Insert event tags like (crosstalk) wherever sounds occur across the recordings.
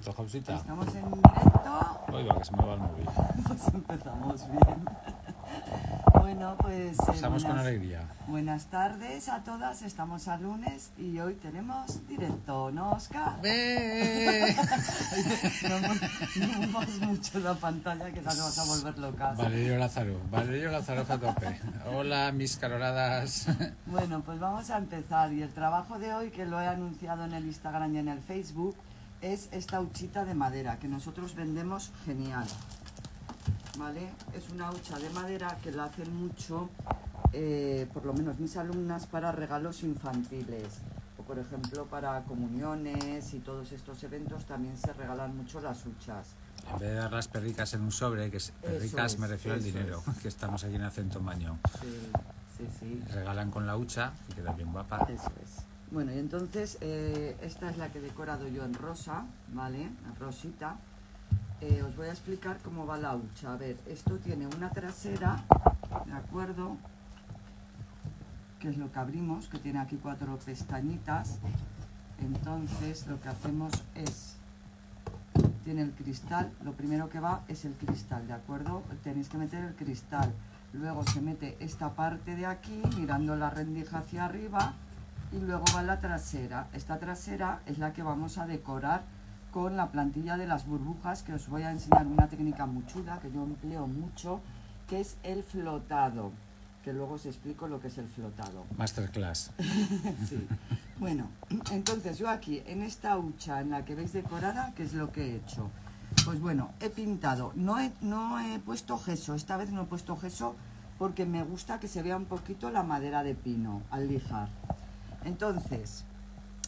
Estamos en directo. Oiga, que se me va el móvil. (laughs) Pues empezamos bien. (laughs) Bueno, pues. Estamos eh, con alegría. Buenas tardes a todas. Estamos a lunes y hoy tenemos directo, ¿no, Oscar? ¡Ve! (laughs) no muevas mucho la pantalla que vez vas a volver loca. Valerio Lázaro, Valerio Lázaro a tope. Hola, mis caloradas. bueno, pues vamos a empezar. Y el trabajo de hoy, que lo he anunciado en el Instagram y en el Facebook, es esta huchita de madera que nosotros vendemos genial. ¿Vale? Es una hucha de madera que la hacen mucho, eh, por lo menos mis alumnas, para regalos infantiles. O por ejemplo, para comuniones y todos estos eventos también se regalan mucho las huchas. En vez de dar las perricas en un sobre, que es, perricas es, me refiero dinero, (laughs) que estamos aquí en Acento Maño. Sí, sí, sí. Regalan con la hucha, y queda bien guapa. Eso es. Bueno, y entonces eh, esta es la que he decorado yo en rosa, ¿vale? Rosita. Eh, os voy a explicar cómo va la hucha. A ver, esto tiene una trasera, ¿de acuerdo? Que es lo que abrimos, que tiene aquí cuatro pestañitas. Entonces lo que hacemos es, tiene el cristal, lo primero que va es el cristal, ¿de acuerdo? Tenéis que meter el cristal. Luego se mete esta parte de aquí, mirando la rendija hacia arriba, y luego va la trasera. Esta trasera es la que vamos a decorar con la plantilla de las burbujas que os voy a enseñar una técnica muy chula que yo empleo mucho que es el flotado que luego os explico lo que es el flotado. Masterclass. (laughs) sí. Bueno, entonces yo aquí, en esta hucha en la que veis decorada, ¿qué es lo que he hecho? Pues bueno, he pintado, no he, no he puesto gesso, esta vez no he puesto gesso porque me gusta que se vea un poquito la madera de pino al lijar. Entonces,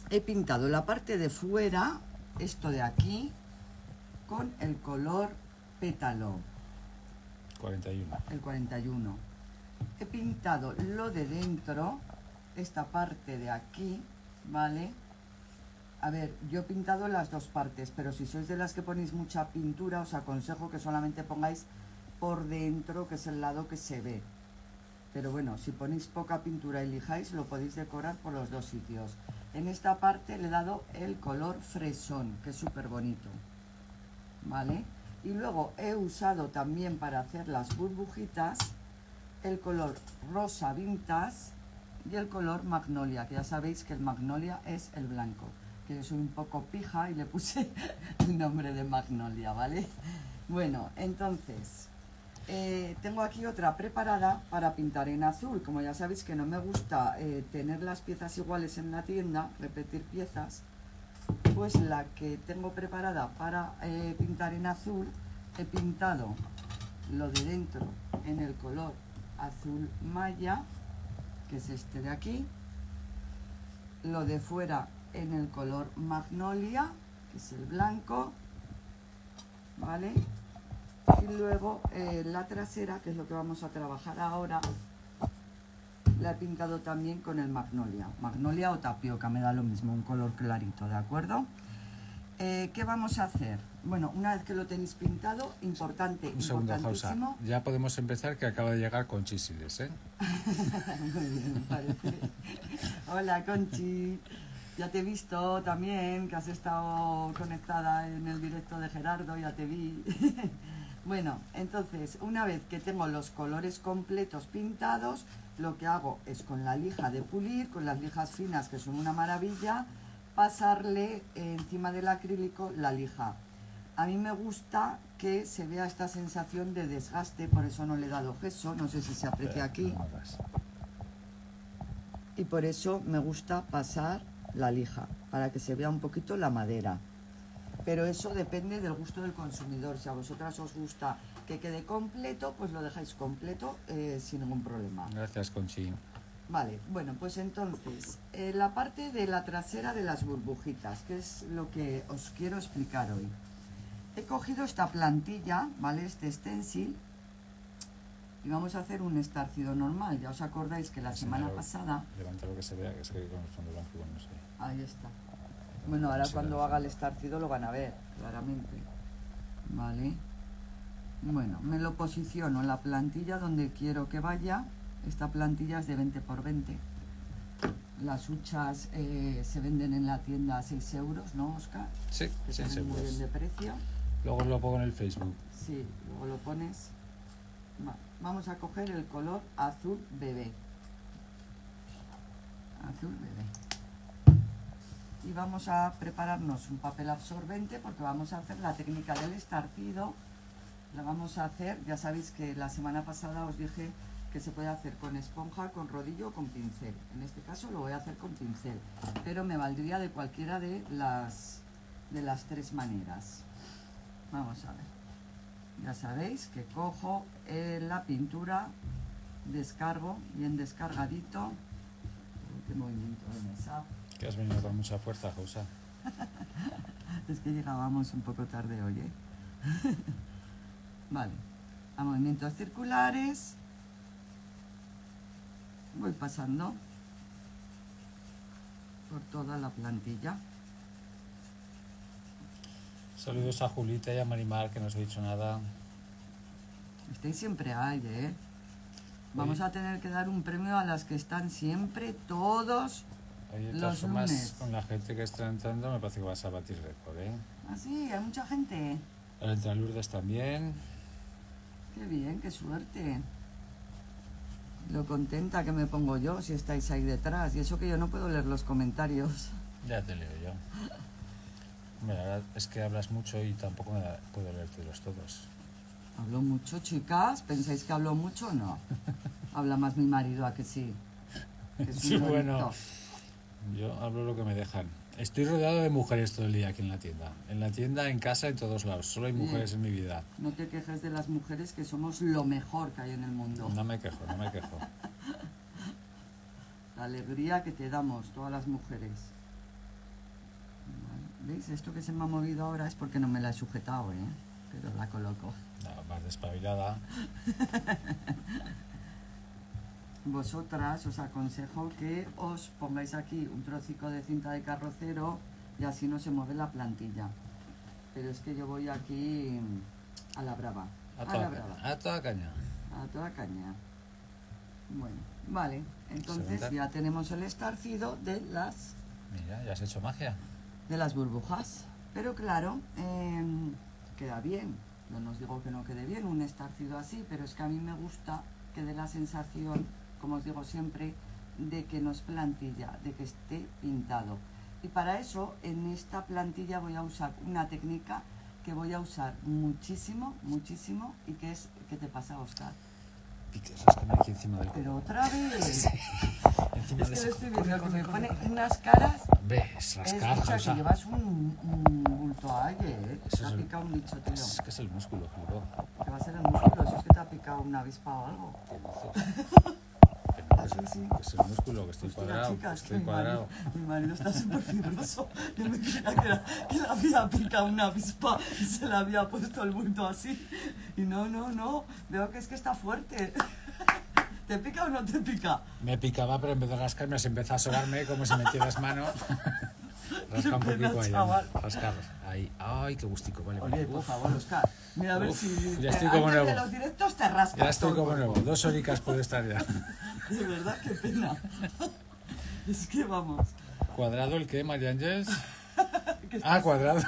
he pintado la parte de fuera, esto de aquí, con el color pétalo. 41. El 41. He pintado lo de dentro, esta parte de aquí, ¿vale? A ver, yo he pintado las dos partes, pero si sois de las que ponéis mucha pintura, os aconsejo que solamente pongáis por dentro, que es el lado que se ve, pero bueno, si ponéis poca pintura y lijáis, lo podéis decorar por los dos sitios. En esta parte le he dado el color fresón, que es súper bonito. ¿Vale? Y luego he usado también para hacer las burbujitas el color rosa vintas y el color magnolia, que ya sabéis que el magnolia es el blanco. Que soy un poco pija y le puse (laughs) el nombre de magnolia, ¿vale? Bueno, entonces eh, tengo aquí otra preparada para pintar en azul. Como ya sabéis que no me gusta eh, tener las piezas iguales en la tienda, repetir piezas, pues la que tengo preparada para eh, pintar en azul, he pintado lo de dentro en el color azul maya, que es este de aquí, lo de fuera en el color magnolia, que es el blanco, ¿vale? y luego eh, la trasera, que es lo que vamos a trabajar ahora, la he pintado también con el magnolia, magnolia o tapioca, me da lo mismo, un color clarito, ¿de acuerdo? Eh, ¿Qué vamos a hacer? Bueno, una vez que lo tenéis pintado, importante, Ya podemos empezar, que acaba de llegar con ¿eh? (laughs) Muy bien, parece. Hola, Conchi. Ya te he visto también, que has estado conectada en el directo de Gerardo, ya te vi. (laughs) Bueno, entonces, una vez que tengo los colores completos pintados, lo que hago es con la lija de pulir, con las lijas finas, que son una maravilla, pasarle eh, encima del acrílico la lija. A mí me gusta que se vea esta sensación de desgaste, por eso no le he dado gesso, no sé si se aprecia aquí. Y por eso me gusta pasar la lija, para que se vea un poquito la madera pero eso depende del gusto del consumidor. Si a vosotras os gusta que quede completo, pues lo dejáis completo eh, sin ningún problema. Gracias, Conchi. Vale, bueno, pues entonces, eh, la parte de la trasera de las burbujitas, que es lo que os quiero explicar hoy. He cogido esta plantilla, ¿vale? Este stencil, y vamos a hacer un estarcido normal. Ya os acordáis que la semana pasada... Levanta lo que se vea, que se quede con el fondo blanco, bueno, no sé. Ahí está. Bueno, ahora cuando haga el estarcido lo van a ver, claramente. Vale. Bueno, me lo posiciono en la plantilla donde quiero que vaya. Esta plantilla es de 20 por 20. Las huchas eh, se venden en la tienda a 6 euros, ¿no, Oscar? Sí, 6 euros. Muy bien de precio. Luego lo pongo en el Facebook. Sí, luego lo pones. Vamos a coger el color azul bebé. Azul bebé y vamos a prepararnos un papel absorbente porque vamos a hacer la técnica del estarcido. La vamos a hacer, ya sabéis que la semana pasada os dije que se puede hacer con esponja, con rodillo o con pincel. En este caso lo voy a hacer con pincel, pero me valdría de cualquiera de las, de las tres maneras. Vamos a ver. Ya sabéis que cojo eh, la pintura, descargo bien descargadito. movimiento de mesa? Que has venido con mucha fuerza, Josa. (laughs) es que llegábamos un poco tarde hoy, ¿eh? (laughs) vale. A movimientos circulares. Voy pasando por toda la plantilla. Saludos a Julita y a Marimar, que no os he dicho nada. Estáis siempre ahí, ¿eh? Vamos a tener que dar un premio a las que están siempre, todos los Con la gente que está entrando me parece que vas a batir récord, ¿eh? Ah, sí, hay mucha gente. entran Lourdes también. Qué bien, qué suerte. Lo contenta que me pongo yo si estáis ahí detrás. Y eso que yo no puedo leer los comentarios. Ya te leo yo. Mira, es que hablas mucho y tampoco me puedo los todos. ¿Hablo mucho, chicas? ¿Pensáis que hablo mucho? o No. (laughs) Habla más mi marido, ¿a que sí? (laughs) es sí, bueno. Yo hablo lo que me dejan. Estoy rodeado de mujeres todo el día aquí en la tienda. En la tienda, en casa, en todos lados. Solo hay mm. mujeres en mi vida. No te quejes de las mujeres que somos lo mejor que hay en el mundo. No me quejo, no me quejo. (laughs) la alegría que te damos todas las mujeres. ¿Veis? Esto que se me ha movido ahora es porque no me la he sujetado, ¿eh? Pero la coloco. No, más despabilada. (laughs) vosotras os aconsejo que os pongáis aquí un trocico de cinta de carrocero y así no se mueve la plantilla. Pero es que yo voy aquí mm, a la brava. A, la brava. Caña, a toda caña. A toda caña. Bueno, vale. Entonces ya tenemos el estarcido de las... Mira, ya has hecho magia. De las burbujas. Pero claro, em, queda bien. No nos digo que no quede bien un estarcido así, pero es que a mí me gusta que dé la sensación como os digo siempre, de que no es plantilla, de que esté pintado. Y para eso en esta plantilla voy a usar una técnica que voy a usar muchísimo, muchísimo y que es que te pasa, Oscar. Aquí encima del... Pero otra vez. (laughs) es que lo estoy viendo, que me pone unas caras. Ves, las es caras. O que llevas un, bulto a aire, ¿eh? Eso te ha picado un bicho, tío. Es que es el músculo, juro. Que va a ser el músculo, eso es que te ha picado una avispa o algo. (laughs) Ah, es el músculo que estoy cuadrado. estoy mi, Marido, está súper fibroso. Yo me creía que, le había picado una avispa y se le había puesto el bulto así. Y no, no, no. Veo que es que está fuerte. (laughs) ¿Te pica o no te pica? Me picaba, pero en vez de rascarme, se empezó a solarme como si me metieras mano. (laughs) (laughs) Rasca un poquito ahí. ahí. Ay, qué gustico. Vale, Oye, por favor, Oscar. Mira, a ver si. Ya estoy como nuevo. los directos te rascas. Ya estoy como nuevo. Dos horicas puede estar ya. (laughs) De verdad, qué pena. (laughs) Es que vamos. ¿Cuadrado el qué, María Ángeles? Ah, cuadrado.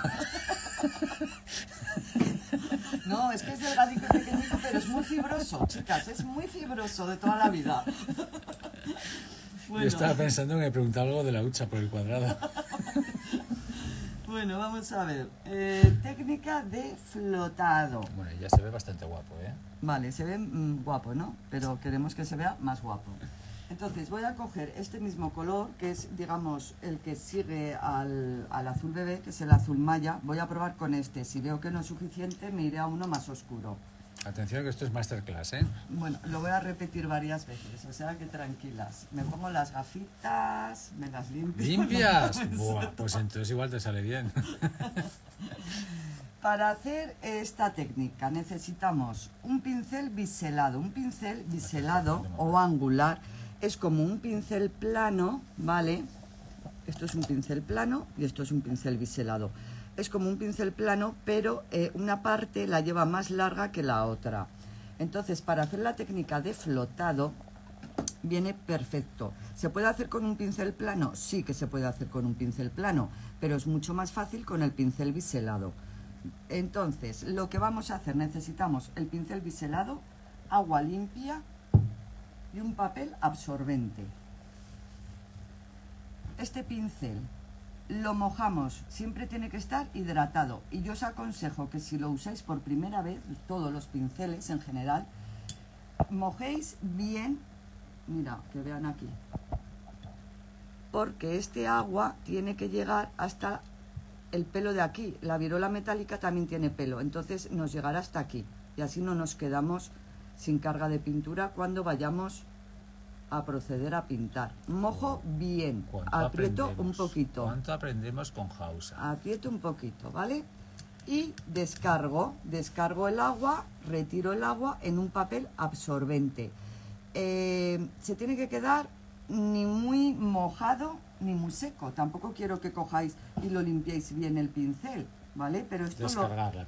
No, es que es delgadito y pequeñito, pero es muy fibroso, chicas. Es muy fibroso de toda la vida. Yo estaba pensando en preguntar algo de la hucha por el cuadrado. Bueno, vamos a ver. Eh, técnica de flotado. Bueno, ya se ve bastante guapo, ¿eh? Vale, se ve mm, guapo, ¿no? Pero queremos que se vea más guapo. Entonces voy a coger este mismo color, que es, digamos, el que sigue al, al, azul bebé, que es el azul maya. Voy a probar con este. Si veo que no es suficiente, me iré a uno más oscuro. Atención que esto es masterclass, ¿eh? Bueno, lo voy a repetir varias veces, o sea que tranquilas. Me pongo las gafitas, me las limpio. ¿Limpias? (laughs) Buah, pues entonces igual te sale bien. (laughs) Para hacer esta técnica necesitamos un pincel biselado. Un pincel biselado o angular es como un pincel plano, ¿vale? Esto es un pincel plano y esto es un pincel biselado es como un pincel plano, pero eh, una parte la lleva más larga que la otra. Entonces, para hacer la técnica de flotado, viene perfecto. ¿Se puede hacer con un pincel plano? Sí que se puede hacer con un pincel plano, pero es mucho más fácil con el pincel biselado. Entonces, lo que vamos a hacer, necesitamos el pincel biselado, agua limpia y un papel absorbente. Este pincel lo mojamos, siempre tiene que estar hidratado y yo os aconsejo que si lo usáis por primera vez, todos los pinceles en general, mojéis bien, mira, que vean aquí, porque este agua tiene que llegar hasta el pelo de aquí, la virola metálica también tiene pelo, entonces nos llegará hasta aquí y así no nos quedamos sin carga de pintura cuando vayamos a proceder a pintar. Mojo bien, aprieto un poquito. ¿Cuánto aprendemos con Hausa? Aprieto un poquito, ¿vale? Y descargo, descargo el agua, retiro el agua en un papel absorbente. Eh, se tiene que quedar ni muy mojado ni muy seco. Tampoco quiero que cojáis y lo limpiéis bien el pincel, ¿vale? Pero esto Descargar la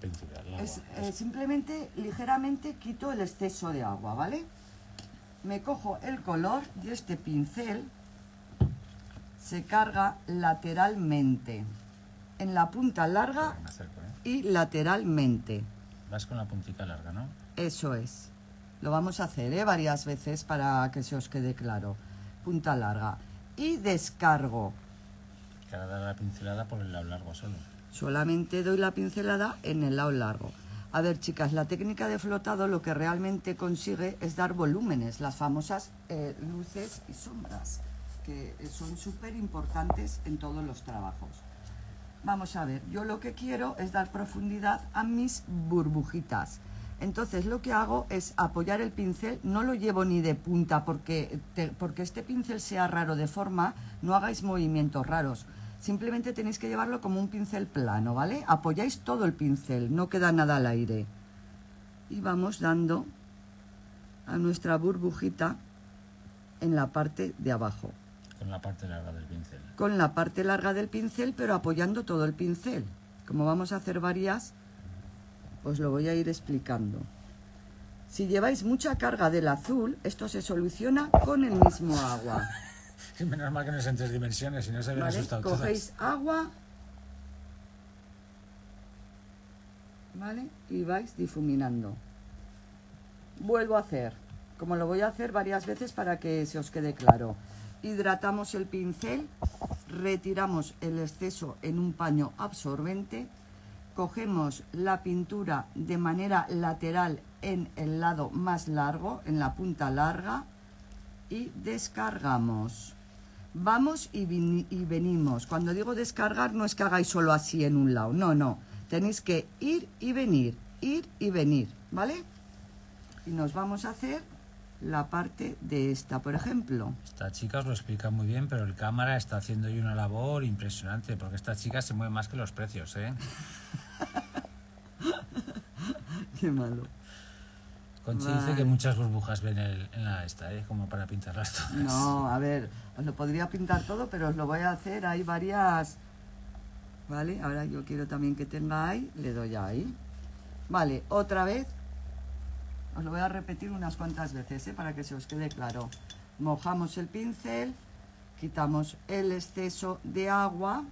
es, eh, simplemente ligeramente quito el exceso de agua, ¿vale? me cojo el color y este pincel se carga lateralmente en la punta larga ¿eh? y lateralmente vas con la puntita larga no eso es lo vamos a hacer ¿eh? varias veces para que se os quede claro punta larga y descargo la pincelada por el lado largo solo solamente doy la pincelada en el lado largo a ver, chicas, la técnica de flotado lo que realmente consigue es dar volúmenes, las famosas eh, luces y sombras, que son súper importantes en todos los trabajos. Vamos a ver, yo lo que quiero es dar profundidad a mis burbujitas. Entonces lo que hago es apoyar el pincel, no lo llevo ni de punta porque, porque este pincel sea raro de forma, no hagáis movimientos raros. Simplemente tenéis que llevarlo como un pincel plano, ¿vale? Apoyáis todo el pincel, no queda nada al aire. Y vamos dando a nuestra burbujita en la parte de abajo. Con la parte larga del pincel. Con la parte larga del pincel, pero apoyando todo el pincel. Como vamos a hacer varias, os lo voy a ir explicando. Si lleváis mucha carga del azul, esto se soluciona con el mismo agua. (laughs) Menos mal que no es en tres dimensiones, si no se habían asustado Cogéis agua, ¿vale? Y vais difuminando. Vuelvo a hacer, como lo voy a hacer varias veces para que se os quede claro. Hidratamos el pincel, retiramos el exceso en un paño absorbente, cogemos la pintura de manera lateral en el lado más largo, en la punta larga, y descargamos. Vamos y, venimos. Cuando digo descargar no es que hagáis solo así en un lado, no, no. Tenéis que ir y venir, ir y venir, ¿vale? Y nos vamos a hacer la parte de esta, por ejemplo. Esta chica os lo explica muy bien, pero el cámara está haciendo una labor impresionante, porque esta chica se mueve más que los precios, ¿eh? (laughs) Qué malo. Con dice que muchas burbujas ven en la esta, ¿eh? como para pintarlas todas. No, a ver, os lo podría pintar todo, pero os lo voy a hacer. Hay varias. Vale, ahora yo quiero también que tenga ahí, le doy ahí. Vale, otra vez. Os lo voy a repetir unas cuantas veces, ¿eh? para que se os quede claro. Mojamos el pincel, quitamos el exceso de agua,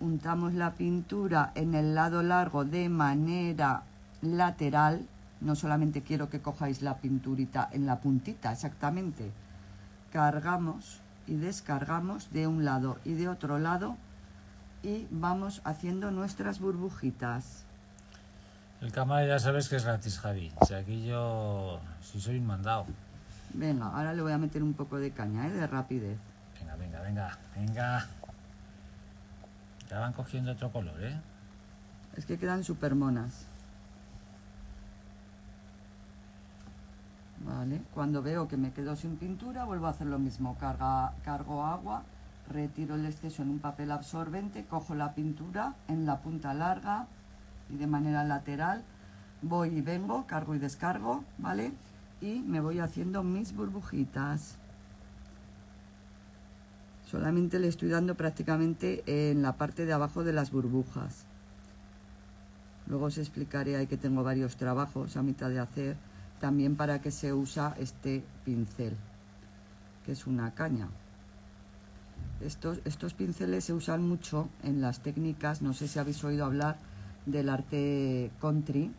untamos la pintura en el lado largo de manera lateral, no solamente quiero que cojáis la pinturita en la puntita, exactamente. Cargamos y descargamos de un lado y de otro lado y vamos haciendo nuestras burbujitas. El cámara ya sabes que es gratis, Javi. Si aquí yo... si soy un mandado. Venga, ahora le voy a meter un poco de caña, ¿eh? De rapidez. Venga, venga, venga, venga. Ya van cogiendo otro color, ¿eh? Es que quedan super monas. ¿vale? Cuando veo que me quedo sin pintura, vuelvo a hacer lo mismo. cargo agua, retiro el exceso en un papel absorbente, cojo la pintura en la punta larga y de manera lateral, voy y vengo, cargo y descargo, ¿vale? Y me voy haciendo mis burbujitas. Solamente le estoy dando prácticamente en la parte de abajo de las burbujas. Luego os explicaré ahí que tengo varios trabajos a mitad de hacer también para que se usa este pincel, que es una caña. Estos, estos pinceles se usan mucho en las técnicas, no sé si habéis oído hablar del arte country,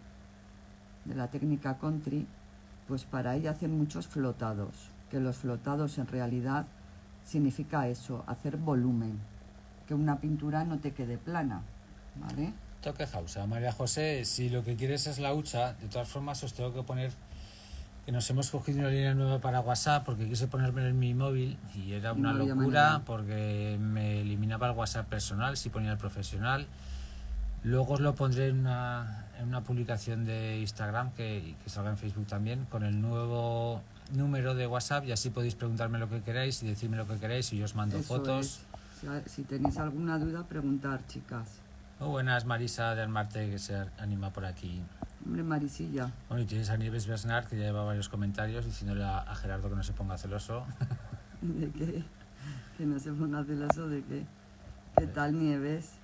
de la técnica country, pues para ella hacen muchos flotados, que los flotados en realidad significa eso, hacer volumen, que una pintura no te quede plana, ¿vale? Toque María José, si lo que quieres es la hucha, de todas formas os tengo que poner que nos hemos cogido una línea nueva para WhatsApp porque quise ponerme en mi móvil y era una locura porque me eliminaba el WhatsApp personal si ponía el profesional. Luego os lo pondré en una, en una publicación de Instagram que, que, salga en Facebook también con el nuevo número de WhatsApp y así podéis preguntarme lo que queráis y decirme lo que queráis y yo os mando fotos. Si tenéis alguna duda, preguntar, chicas. Muy buenas, Marisa de Almarte, que se anima por aquí. Hombre, Marisilla. Bueno, y tienes a Nieves Bernard, que ya lleva varios comentarios diciéndole a, Gerardo que no se ponga celoso. (laughs) ¿De qué? Que no se ponga celoso de qué. ¿Qué eh. tal, Nieves?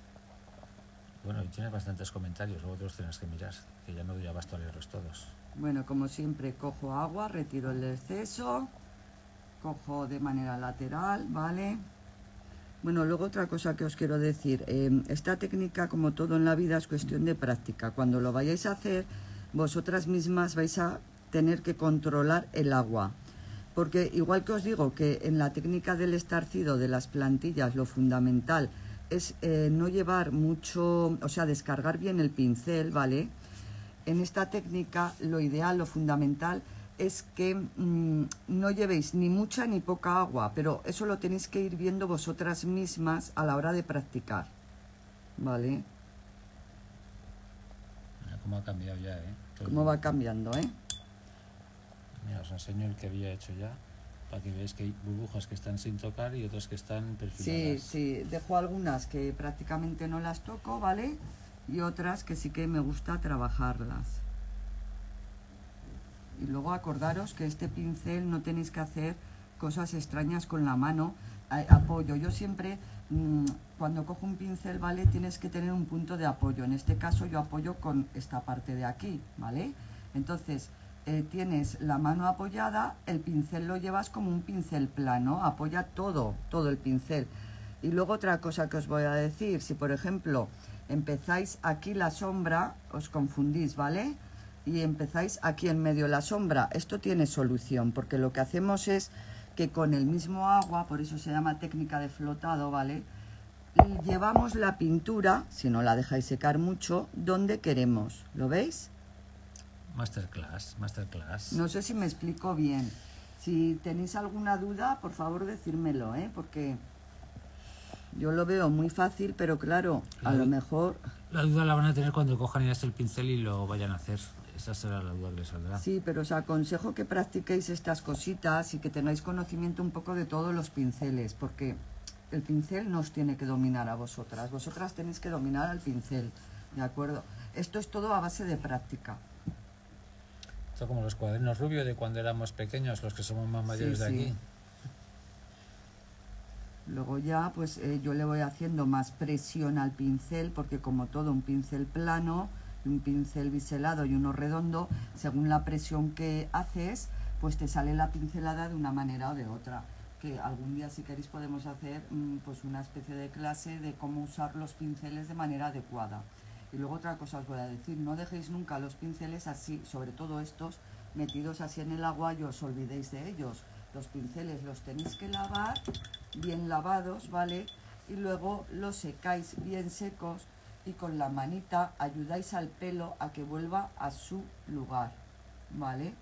Bueno, y tienes bastantes comentarios, luego te tienes que mirar, que ya no doy abasto a leerlos todos. Bueno, como siempre, cojo agua, retiro el exceso, cojo de manera lateral, ¿vale? Bueno, luego otra cosa que os quiero decir. Em, esta técnica, como todo en la vida, es cuestión de práctica. Cuando lo vayáis a hacer, vosotras mismas vais a tener que controlar el agua. Porque igual que os digo que en la técnica del estarcido de las plantillas lo fundamental es eh, no llevar mucho, o sea, descargar bien el pincel, ¿vale? En esta técnica lo ideal, lo fundamental es que mm, no llevéis ni mucha ni poca agua, pero eso lo tenéis que ir viendo vosotras mismas a la hora de practicar, ¿vale? cómo ha cambiado ya, ¿eh? cómo va cambiando, ¿eh? Mira, os enseño el que había hecho ya, para que veáis que hay burbujas que están sin tocar y otras que están perfiladas. Sí, sí, dejo algunas que prácticamente no las toco, ¿vale? Y otras que sí que me gusta trabajarlas. Y luego acordaros que este pincel no tenéis que hacer cosas extrañas con la mano, apoyo. Yo siempre, mm, cuando cojo un pincel, ¿vale? Tienes que tener un punto de apoyo. En este caso yo apoyo con esta parte de aquí, ¿vale? Entonces, eh, tienes la mano apoyada, el pincel lo llevas como un pincel plano, apoya todo, todo el pincel. Y luego otra cosa que os voy a decir, si por ejemplo empezáis aquí la sombra, os confundís, ¿vale? y empezáis aquí en medio de la sombra. Esto tiene solución porque lo que hacemos es que con el mismo agua, por eso se llama técnica de flotado, ¿vale? Y llevamos la pintura, si no la dejáis secar mucho, donde queremos. ¿Lo veis? Masterclass, masterclass. No sé si me explico bien. Si tenéis alguna duda, por favor, decírmelo, ¿eh? Porque yo lo veo muy fácil, pero claro, a lo mejor... La duda la van a tener cuando cojan y el pincel y lo vayan a hacer. Esa será la saldrá. Sí, pero os aconsejo que practiquéis estas cositas y que tengáis conocimiento un poco de todos los pinceles, porque el pincel no os tiene que dominar a vosotras, vosotras tenéis que dominar al pincel, ¿de acuerdo? Esto es todo a base de práctica. Esto como los cuadernos rubios de cuando éramos pequeños, los que somos más mayores de aquí. Luego ya pues eh, yo le voy haciendo más presión al pincel porque como todo un pincel plano un pincel biselado y uno redondo, según la presión que haces, pues te sale la pincelada de una manera o de otra. Que algún día si queréis podemos hacer mm, pues una especie de clase de cómo usar los pinceles de manera adecuada. Y luego otra cosa os voy a decir, no dejéis nunca los pinceles así, sobre todo estos, metidos así en el agua y os olvidéis de ellos. Los pinceles los tenéis que lavar bien lavados, ¿vale? Y luego los secáis bien secos y con la manita ayudáis al pelo a que vuelva a su lugar, ¿vale?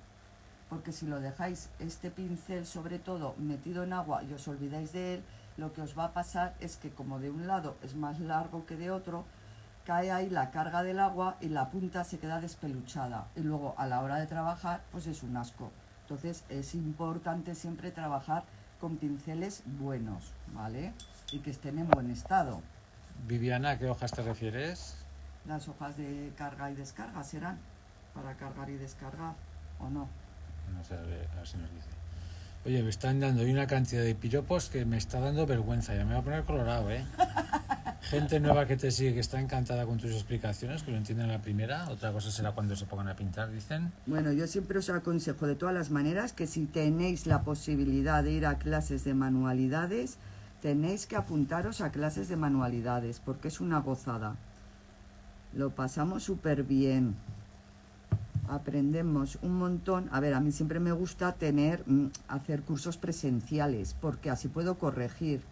Porque si lo dejáis este pincel sobre todo metido en agua y os olvidáis de él, lo que os va a pasar es que como de un lado es más largo que de otro, cae ahí la carga del agua y la punta se queda despeluchada. Y luego a la hora de trabajar, pues es un asco. Entonces es importante siempre trabajar con pinceles buenos, ¿vale? Y que estén en buen estado. Viviana, ¿a qué hojas te refieres? Las hojas de carga y descarga serán para cargar y descargar o no. No sé, a ver, si nos dice. Oye, me están dando una cantidad de piropos que me está dando vergüenza, ya me voy a poner colorado, ¿eh? (laughs) Gente nueva que te sigue, que está encantada con tus explicaciones, que lo entienden la primera, otra cosa será cuando se pongan a pintar, dicen. Bueno, yo siempre os aconsejo de todas las maneras que si tenéis la posibilidad de ir a clases de manualidades, Tenéis que apuntaros a clases de manualidades porque es una gozada. Lo pasamos súper bien. Aprendemos un montón. A ver, a mí siempre me gusta tener, mm, hacer cursos presenciales porque así puedo corregir.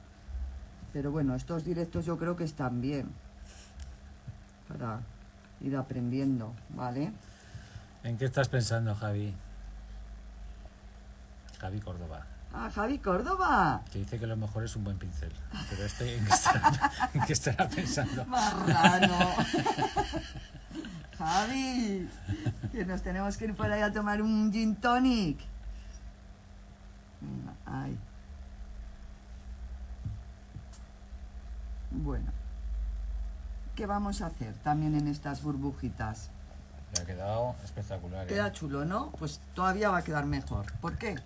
Pero bueno, estos directos yo creo que están bien para ir aprendiendo, ¿vale? ¿En qué estás pensando, Javi? Javi Córdoba. Ah, Javi Córdoba. Que dice que lo mejor es un buen pincel. Pero este, ¿en qué estará, (laughs) pensando? Marrano. (laughs) Javi, que nos tenemos que ir por ahí a tomar un gin tonic. Ay. Bueno, ¿qué vamos a hacer también en estas burbujitas? ha quedado espectacular. Queda ¿eh? chulo, ¿no? Pues todavía va a quedar mejor. ¿Por qué?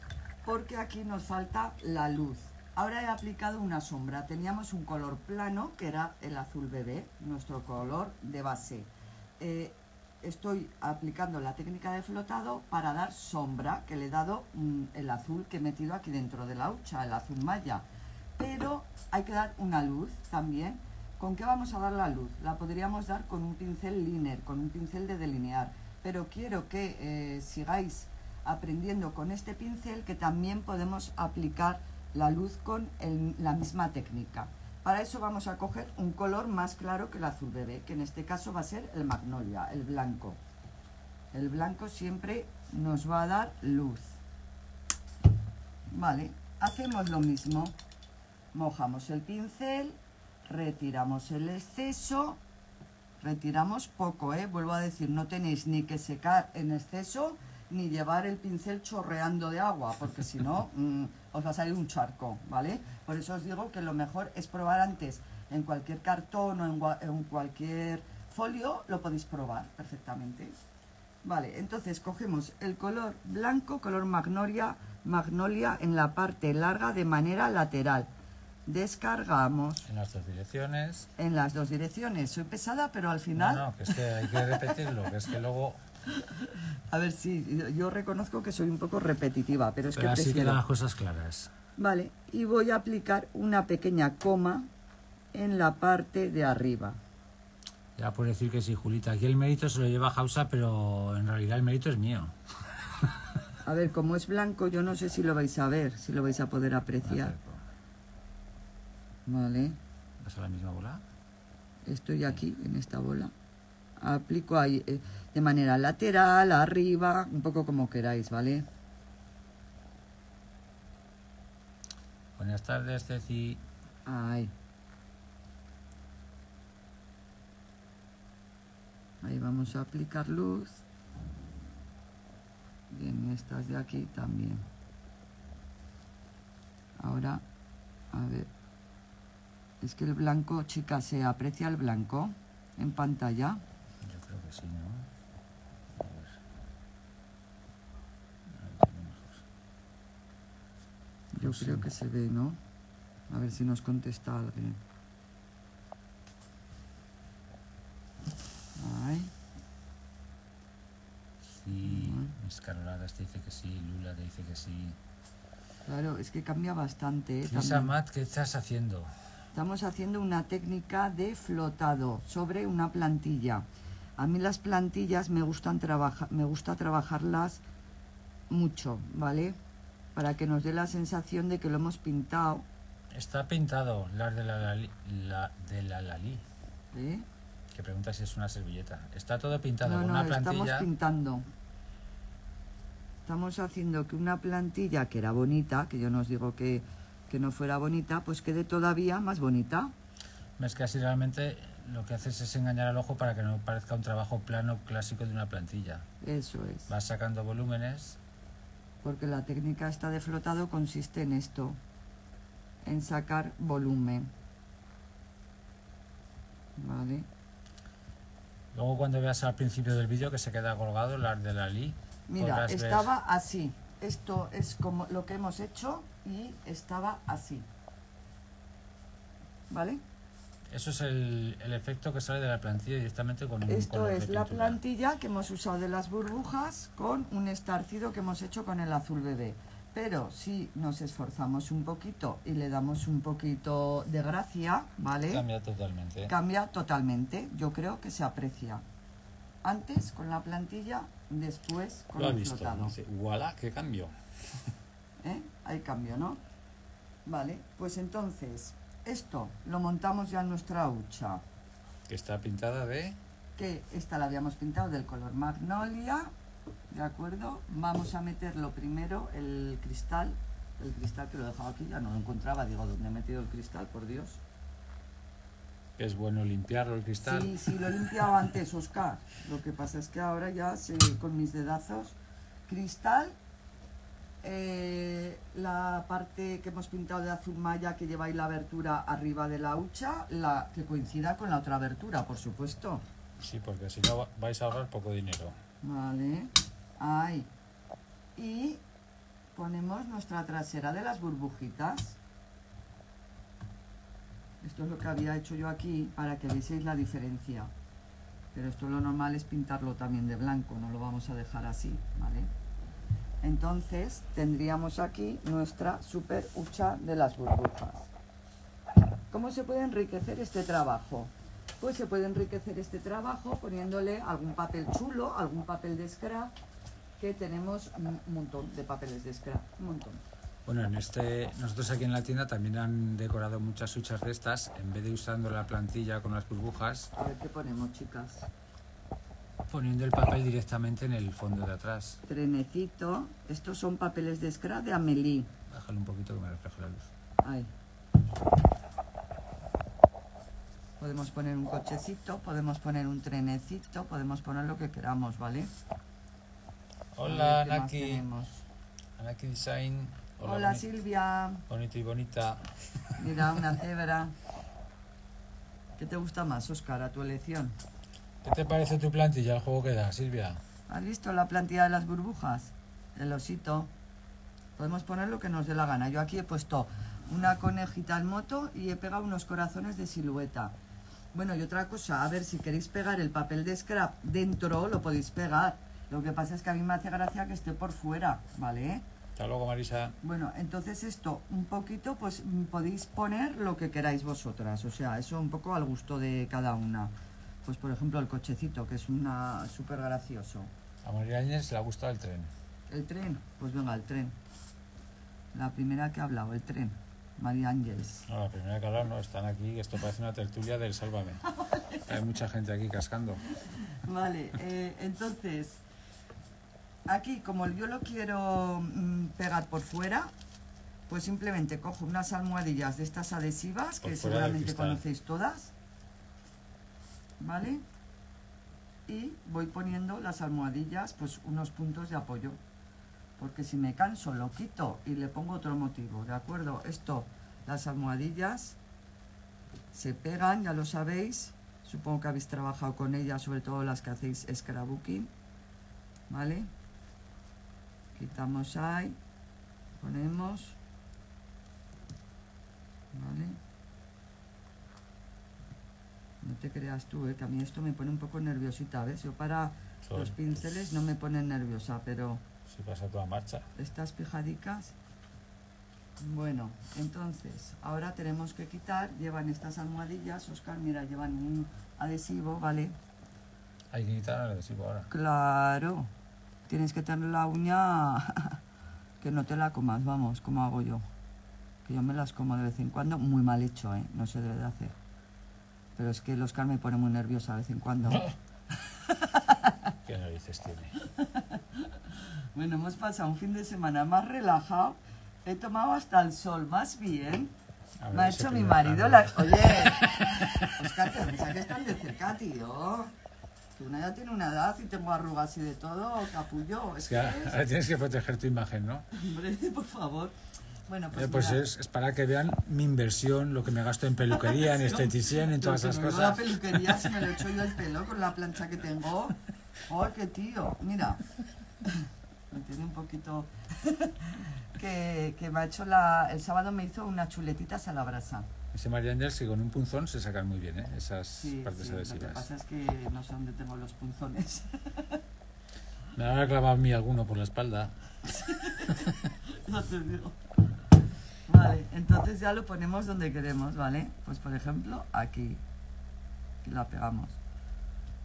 porque aquí nos falta la luz. Ahora he aplicado una sombra. Teníamos un color plano, que era el azul bebé, nuestro color de base. Eh, estoy aplicando la técnica de flotado para dar sombra, que le he dado mm, el azul que he metido aquí dentro de la hucha, el azul malla. Pero hay que dar una luz también. ¿Con qué vamos a dar la luz? La podríamos dar con un pincel liner, con un pincel de delinear. Pero quiero que eh, sigáis aprendiendo con este pincel que también podemos aplicar la luz con la misma técnica. Para eso vamos a coger un color más claro que el azul bebé, que en este caso va a ser el magnolia, el blanco. El blanco siempre nos va a dar luz. Vale, hacemos lo mismo. Mojamos el pincel, retiramos el exceso, retiramos poco, ¿eh? Vuelvo a decir, no tenéis ni que secar en exceso, ni llevar el pincel chorreando de agua, porque si no (laughs) mm, os va a salir un charco, ¿vale? Por eso os digo que lo mejor es probar antes en cualquier cartón o en, cualquier folio, lo podéis probar perfectamente. Vale, entonces cogemos el color blanco, color magnolia, magnolia en la parte larga de manera lateral. Descargamos. En las dos direcciones. En las dos direcciones. Soy pesada, pero al final... No, no, que es que hay que repetirlo, que es que luego a ver, sí, yo reconozco que soy un poco repetitiva, pero es que así las cosas claras. Vale, y voy a aplicar una pequeña coma en la parte de arriba. Ya por decir que sí, Julita. Aquí el mérito se lo lleva Hausa, pero en realidad el mérito es mío. A ver, como es blanco, yo no sé si lo vais a ver, si lo vais a poder apreciar. Vale. ¿Vas a la misma bola? Estoy aquí, en esta bola aplico ahí, eh, de manera lateral, arriba, un poco como queráis, ¿vale? Buenas tardes, Ceci. Ahí. Ahí vamos a aplicar luz. Bien, estas de aquí también. Ahora, a ver. Es que el blanco, chicas, se aprecia el blanco en pantalla. Yo creo que se ve, ¿no? A ver si nos contesta alguien. Sí, Escaroladas te dice que sí, Lula te dice que sí. Claro, es que cambia bastante. ¿eh? Matt, ¿qué estás haciendo? Estamos haciendo una técnica de flotado sobre una plantilla. A mí las plantillas me, gustan trabajar me gusta trabajarlas mucho, ¿vale? Para que nos dé la sensación de que lo hemos pintado. Está pintado, las de la de la Lali. ¿Eh? Que pregunta si es una servilleta. Está todo pintado con una plantilla. Estamos pintando. Estamos haciendo que una plantilla que era bonita, que yo no os digo que, que no fuera bonita, pues quede todavía más bonita. Es que realmente lo que haces es engañar al ojo para que no parezca un trabajo plano clásico de una plantilla. Eso es. Vas sacando volúmenes. Porque la técnica esta de flotado consiste en esto, en sacar volumen. Vale. Luego cuando veas al principio del vídeo que se queda colgado el de la li. Mira, estaba así. Esto es como lo que hemos hecho y estaba así. ¿Vale? Eso es el, efecto que sale de la plantilla directamente con Esto es la plantilla que hemos usado de las burbujas con un estarcido que hemos hecho con el azul bebé. Pero si nos esforzamos un poquito y le damos un poquito de gracia, ¿vale? Cambia totalmente. Cambia totalmente. Yo creo que se aprecia. Antes con la plantilla, después con el flotado. ¡Qué cambio! (laughs) ¿Eh? Hay cambio, ¿no? Vale, pues entonces esto lo montamos ya en nuestra hucha. Que está pintada de... Que esta la habíamos pintado del color magnolia, ¿de acuerdo? Vamos a meterlo primero, el cristal, el cristal que lo dejaba aquí, ya no lo encontraba, digo, ¿dónde he metido el cristal? Por Dios. Es bueno limpiarlo el cristal. Sí, sí, lo he limpiado antes, Oscar. Lo que pasa es que ahora ya sé, con mis dedazos, cristal eh, la parte que hemos pintado de azul maya que lleváis la abertura arriba de la hucha, la que coincida con la otra abertura, por supuesto. Sí, porque si no vais a ahorrar poco dinero. Vale. Ahí. Y ponemos nuestra trasera de las burbujitas. Esto es lo que había hecho yo aquí para que veáis la diferencia. Pero esto lo normal es pintarlo también de blanco, no lo vamos a dejar así, ¿vale? Entonces tendríamos aquí nuestra super hucha de las burbujas. ¿Cómo se puede enriquecer este trabajo? Pues se puede enriquecer este trabajo poniéndole algún papel chulo, algún papel de scrap, que tenemos un montón de papeles de scrap, un montón. Bueno, en este, nosotros aquí en la tienda también han decorado muchas huchas de estas, en vez de usando la plantilla con las burbujas. A ver qué ponemos, chicas poniendo el papel directamente en el fondo de atrás. Trenecito. Estos son papeles de scrap de Amelie. Bájalo un poquito que me refleje la luz. Ahí. Podemos poner un cochecito, podemos poner un trenecito, podemos poner lo que queramos, ¿vale? Hola, Anaki. Anaki Design. Hola, Silvia. Bonita y bonita. Mira, una (laughs) cebra. ¿Qué te gusta más, Oscar, a tu elección? ¿Qué te parece tu plantilla, el juego queda, da, Silvia? ¿Has visto la plantilla de las burbujas? El osito. Podemos poner lo que nos dé la gana. Yo aquí he puesto una conejita al moto y he pegado unos corazones de silueta. Bueno, y otra cosa, a ver, si queréis pegar el papel de scrap dentro, lo podéis pegar. Lo que pasa es que a mí me hace gracia que esté por fuera, ¿vale? Hasta luego, Marisa. Bueno, entonces esto, un poquito, pues mm, podéis poner lo que queráis vosotras. O sea, eso un poco al gusto de cada una. Pues por ejemplo el cochecito, que es una súper gracioso. A María Áñez le gusta el tren. ¿El tren? Pues venga, el tren. La primera que ha hablado, el tren. María Ángeles. No, la primera que ha hablado no, están aquí. Esto parece una tertulia del Sálvame. (laughs) Hay mucha gente aquí cascando. Vale, eh, entonces, aquí como yo lo quiero mm, pegar por fuera, pues simplemente cojo unas almohadillas de estas adhesivas, que seguramente conocéis todas. ¿vale? Y voy poniendo las almohadillas, pues unos puntos de apoyo, porque si me canso lo quito y le pongo otro motivo, ¿de acuerdo? Esto, las almohadillas se pegan, ya lo sabéis, supongo que habéis trabajado con ellas, sobre todo las que hacéis escarabuki ¿vale? Quitamos ahí, ponemos, ¿vale? No te creas tú, ¿eh? que a mí esto me pone un poco nerviosita, ¿ves? ¿eh? Yo para los pinceles no me pone nerviosa, pero... Si pasa toda marcha. Estas pijadicas... Bueno, entonces, ahora tenemos que quitar, llevan estas almohadillas, Oscar, mira, llevan un adhesivo, ¿vale? Hay que quitar el adhesivo ahora. Claro, tienes que tener la uña (laughs) que no te la comas, vamos, como hago yo. Que yo me las como de vez en cuando, muy mal hecho, ¿eh? No se debe de hacer. Pero es que el Carmen me pone muy nerviosa a vez en cuando. (laughs) ¿Qué narices tiene? Bueno, hemos pasado un fin de semana más relajado. He tomado hasta el sol, más bien. me ha hecho mi marido la... Oye, (laughs) Oscar, que pensás que estás de cerca, tío. Tú una ya tiene una edad y tengo arrugas y de todo, capullo. Es que, ahora tienes que proteger tu imagen, ¿no? Hombre, por favor. Bueno, pues, eh, pues es, para que vean mi inversión, lo que me gasto en peluquería, en (laughs) esteticien, en todas esas cosas. La peluquería, si me lo echo yo el (laughs) pelo con la plancha que tengo. ¡Oh, qué tío! Mira, me tiene un poquito... (laughs) que, que, me ha hecho la... El sábado me hizo una chuletita a la brasa. Ese María Ángels con un punzón se sacan muy bien, ¿eh? Esas partes sí, adhesivas. Lo que pasa es que no sé dónde tengo los punzones. me van a a mí alguno por la espalda. no te digo. Vale, entonces ya lo ponemos donde queremos, ¿vale? Pues por ejemplo, aquí. la pegamos.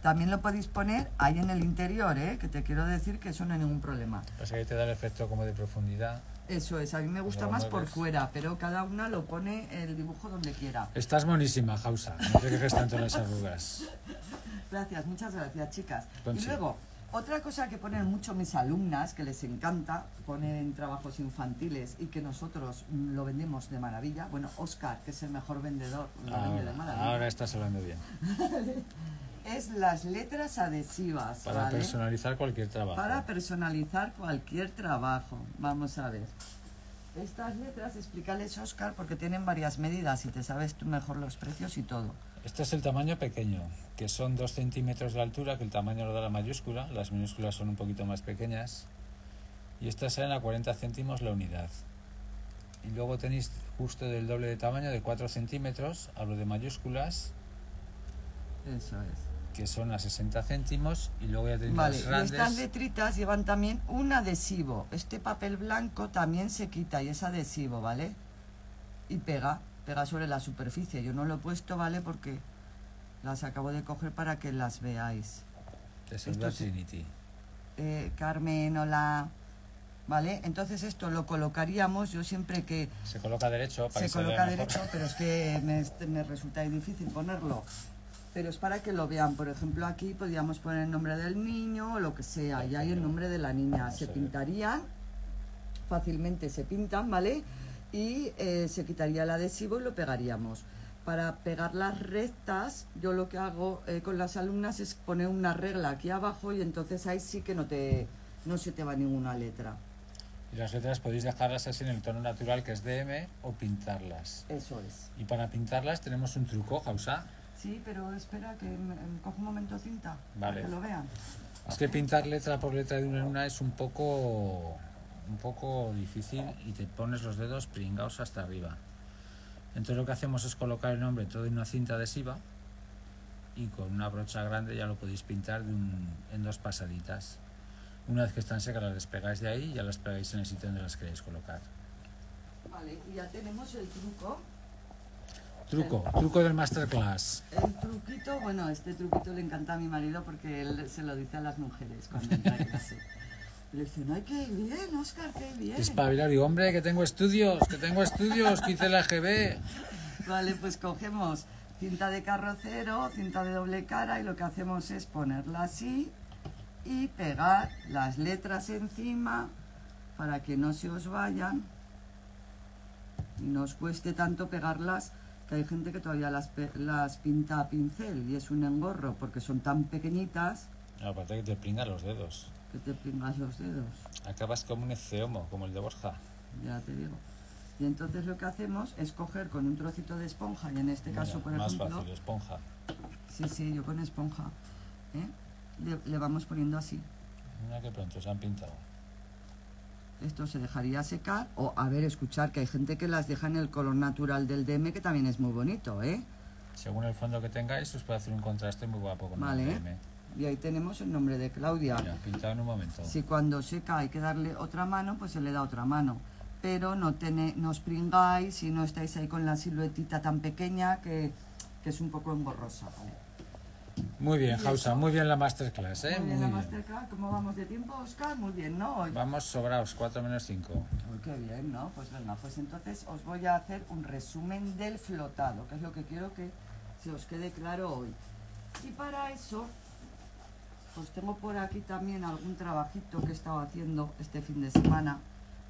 También lo podéis poner ahí en el interior, ¿eh? Que te quiero decir que eso no hay ningún problema. Así que te da el efecto como de profundidad. Eso es, a mí me gusta más por fuera, pero cada una lo pone el dibujo donde quiera. Estás monísima, Jausa. No te quejes tanto en las arrugas. (laughs) Gracias, muchas gracias, chicas. Y luego... Otra cosa que ponen mucho mis alumnas, que les encanta, ponen trabajos infantiles y que nosotros lo vendemos de maravilla. Bueno, Oscar, que es el mejor vendedor, lo ahora, vende de maravilla. Ahora estás hablando bien. (laughs) es las letras adhesivas. Para personalizar cualquier trabajo. Para personalizar cualquier trabajo. Vamos a ver. Estas letras, explícales, Oscar, porque tienen varias medidas y te sabes tú mejor los precios y todo. Este es el tamaño pequeño, que son 2 centímetros de altura, que el tamaño lo da la mayúscula, las minúsculas son un poquito más pequeñas, y estas salen a 40 céntimos la unidad. Y luego tenéis justo del doble de tamaño, de 4 centímetros, hablo de mayúsculas. Que son a 60 céntimos y luego ya tenéis vale, las grandes. Estas letritas llevan también un adhesivo. Este papel blanco también se quita y es adhesivo, ¿vale? Y pega pega sobre la superficie. Yo no lo he puesto, ¿vale? Porque las acabo de coger para que las veáis. Esto es Trinity. Eh, Carmen, hola. ¿Vale? Entonces esto lo colocaríamos, yo siempre que... Se coloca derecho para Se, se coloca derecho, pero es que me, me resulta difícil ponerlo pero es para que lo vean. Por ejemplo, aquí podríamos poner el nombre del niño o lo que sea, y ahí el nombre de la niña. Se pintarían, fácilmente se pintan, ¿vale? y eh, se quitaría el adhesivo y lo pegaríamos. Para pegar las rectas, yo lo que hago eh, con las alumnas es poner una regla aquí abajo y entonces ahí sí que no, te, no se te va ninguna letra. Y las letras podéis dejarlas así en el tono natural que es DM o pintarlas. Eso es. Y para pintarlas tenemos un truco, Jausa. Sí, pero espera que cojo un momento cinta. Vale. Para que lo vean. Es que pintar letra por letra de una en una es un poco un poco difícil y te pones los dedos pringados hasta arriba. Entonces lo que hacemos es colocar el nombre todo en una cinta adhesiva y con una brocha grande ya lo podéis pintar en dos pasaditas. Una vez que están secas las despegáis de ahí y ya las pegáis en el sitio donde las queréis colocar. Vale, y ya tenemos el truco. Truco, truco del masterclass. El truquito, bueno, este truquito le encanta a mi marido porque él se lo dice a las mujeres cuando entra en clase. (laughs) dicen, ay, qué bien, Oscar, qué bien. hombre, que tengo estudios, que tengo estudios, que hice la GB. (laughs) Vale, pues cogemos cinta de carrocero, cinta de doble cara y lo que hacemos es ponerla así y pegar las letras encima para que no se os vayan y no os cueste tanto pegarlas que hay gente que todavía las, las pinta a pincel y es un engorro porque son tan pequeñitas. Aparte que te pringan los dedos que te pingas los dedos. Acabas como un eceomo, como el de Borja. Ya te digo. Y entonces lo que hacemos es coger con un trocito de esponja, y en este caso, con Más fácil, esponja. Sí, sí, yo con esponja. ¿eh? Le, vamos poniendo así. Mira que pronto, se han pintado. Esto se dejaría secar, o a ver, escuchar, que hay gente que las deja en el color natural del DM, que también es muy bonito, ¿eh? Según el fondo que tengáis, os puede hacer un contraste muy guapo con el DM. Y ahí tenemos el nombre de Claudia. Ya, en un momento. Si cuando seca hay que darle otra mano, pues se le da otra mano. Pero no, tené, no os pringáis si no estáis ahí con la siluetita tan pequeña que, que es un poco emborrosa. Muy bien, Jausa, muy bien la masterclass, ¿eh? Muy bien la masterclass. ¿Cómo vamos de tiempo, Oscar? Muy bien, ¿no? Vamos sobraos, 4 menos 5. Uy, qué bien, ¿no? Pues venga, pues entonces os voy a hacer un resumen del flotado, que es lo que quiero que se os quede claro hoy. Y para eso pues tengo por aquí también algún trabajito que he estado haciendo este fin de semana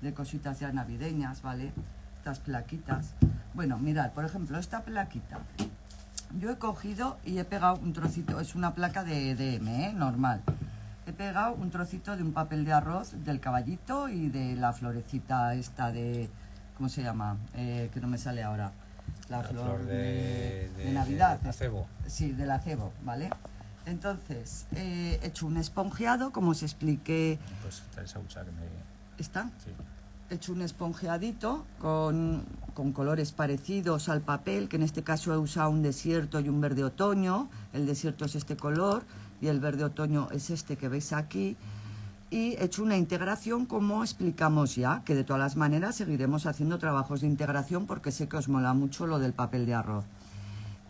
de cositas ya navideñas, ¿vale? Estas plaquitas. Bueno, mirad, por ejemplo, esta plaquita. Yo he cogido y he pegado un trocito, es una placa de EDM, ¿eh? Normal. He pegado un trocito de un papel de arroz del caballito y de la florecita esta de... ¿Cómo se llama? Eh, que no me sale ahora. La, flor, de, de, Navidad. De la cebo. Sí, del acebo, ¿vale? Entonces, eh, he hecho un esponjeado, como os expliqué. Pues está a usarme. ¿Está? Sí. He hecho un esponjeadito con, colores parecidos al papel, que en este caso he usado un desierto y un verde otoño. El desierto es este color y el verde otoño es este que veis aquí. Y he hecho una integración como explicamos ya, que de todas las maneras seguiremos haciendo trabajos de integración porque sé que os mola mucho lo del papel de arroz.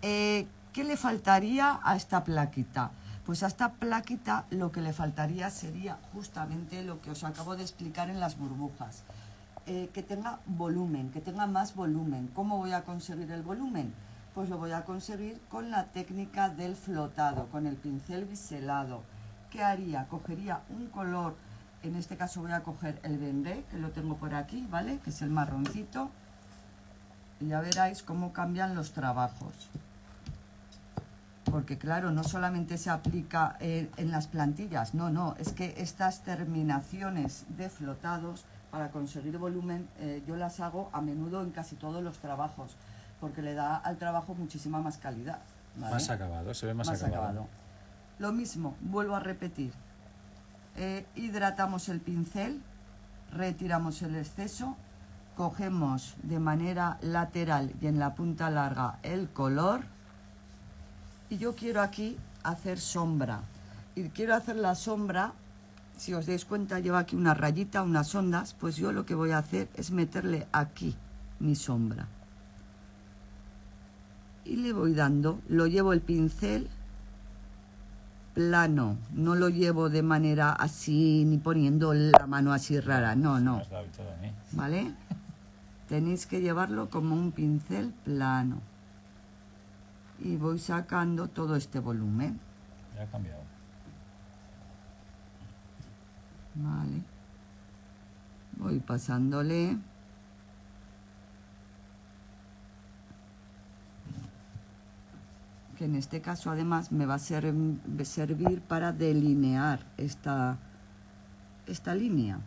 Eh, ¿Qué le faltaría a esta plaquita? Pues a esta plaquita lo que le faltaría sería justamente lo que os acabo de explicar en las burbujas. Eh, que tenga volumen, que tenga más volumen. ¿Cómo voy a conseguir el volumen? Pues lo voy a conseguir con la técnica del flotado, con el pincel biselado. ¿Qué haría? Cogería un color, en este caso voy a coger el Bendé, que lo tengo por aquí, ¿vale? Que es el marroncito. Y ya veráis cómo cambian los trabajos porque claro, no solamente se aplica en, las plantillas, no, no, es que estas terminaciones de flotados para conseguir volumen eh, yo las hago a menudo en casi todos los trabajos, porque le da al trabajo muchísima más calidad. Más acabado, se ve más, acabado. Lo mismo, vuelvo a repetir, eh, hidratamos el pincel, retiramos el exceso, cogemos de manera lateral y en la punta larga el color, y yo quiero aquí hacer sombra. Y quiero hacer la sombra, si os dais cuenta, lleva aquí una rayita, unas ondas, pues yo lo que voy a hacer es meterle aquí mi sombra. Y le voy dando, lo llevo el pincel plano, no lo llevo de manera así, ni poniendo la mano así rara, no, no. ¿eh? ¿Vale? Tenéis que llevarlo como un pincel plano y voy sacando todo este volumen. Ya ha cambiado. Vale. Voy pasándole. Que en este caso además me va a ser, servir para delinear esta, esta línea.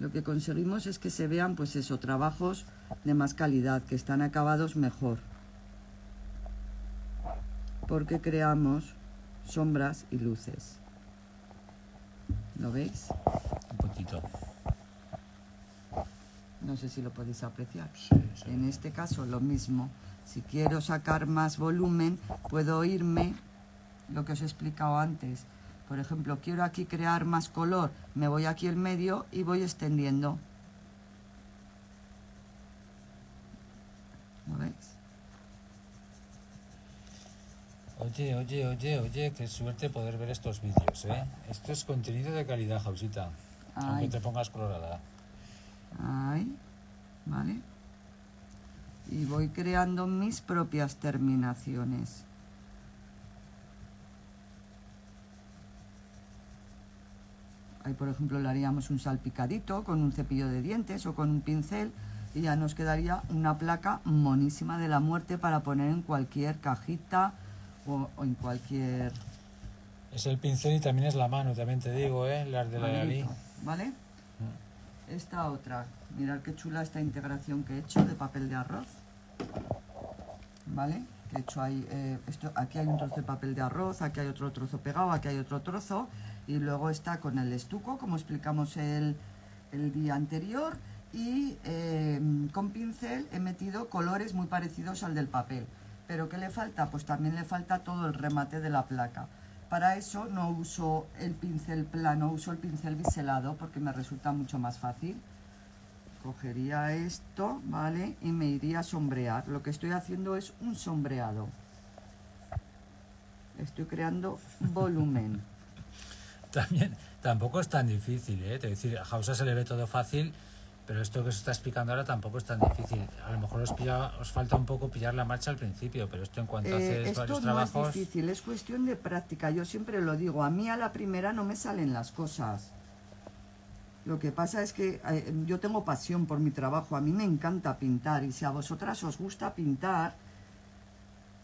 Lo que conseguimos es que se vean, pues eso, trabajos de más calidad, que están acabados mejor porque creamos sombras y luces. ¿Lo veis? Un poquito. No sé si lo podéis apreciar. En este caso lo mismo. Si quiero sacar más volumen, puedo irme, lo que os he explicado antes. Por ejemplo, quiero aquí crear más color, me voy aquí en medio y voy extendiendo. ¿Lo veis? Oye, oye, oye, oye, qué suerte poder ver estos vídeos, ¿eh? Esto es contenido de calidad, Jausita. Aunque te pongas colorada. Ay, vale. Y voy creando mis propias terminaciones. Ahí, por ejemplo, le haríamos un salpicadito con un cepillo de dientes o con un pincel y ya nos quedaría una placa monísima de la muerte para poner en cualquier cajita, o, en cualquier... Es el pincel y también es la mano, también te digo, ¿eh? Las de la nariz. ¿Vale? Esta otra. Mirad qué chula esta integración que he hecho de papel de arroz. ¿Vale? Que he hecho ahí, eh, aquí hay un trozo de papel de arroz, aquí hay otro trozo pegado, aquí hay otro trozo. Y luego está con el estuco, como explicamos el, día anterior. Y eh, con pincel he metido colores muy parecidos al del papel. ¿Pero qué le falta? Pues también le falta todo el remate de la placa. Para eso no uso el pincel plano, uso el pincel biselado porque me resulta mucho más fácil. Cogería esto, ¿vale? Y me iría a sombrear. Lo que estoy haciendo es un sombreado. Estoy creando volumen. (laughs) También, tampoco es tan difícil, ¿eh? Te decir, a Hausa se le ve todo fácil pero esto que os está explicando ahora tampoco es tan difícil. A lo mejor os, falta un poco pillar la marcha al principio, pero esto en cuanto eh, haces varios trabajos... es difícil, es cuestión de práctica. Yo siempre lo digo, a mí a la primera no me salen las cosas. Lo que pasa es que eh, yo tengo pasión por mi trabajo, a mí me encanta pintar y si a vosotras os gusta pintar,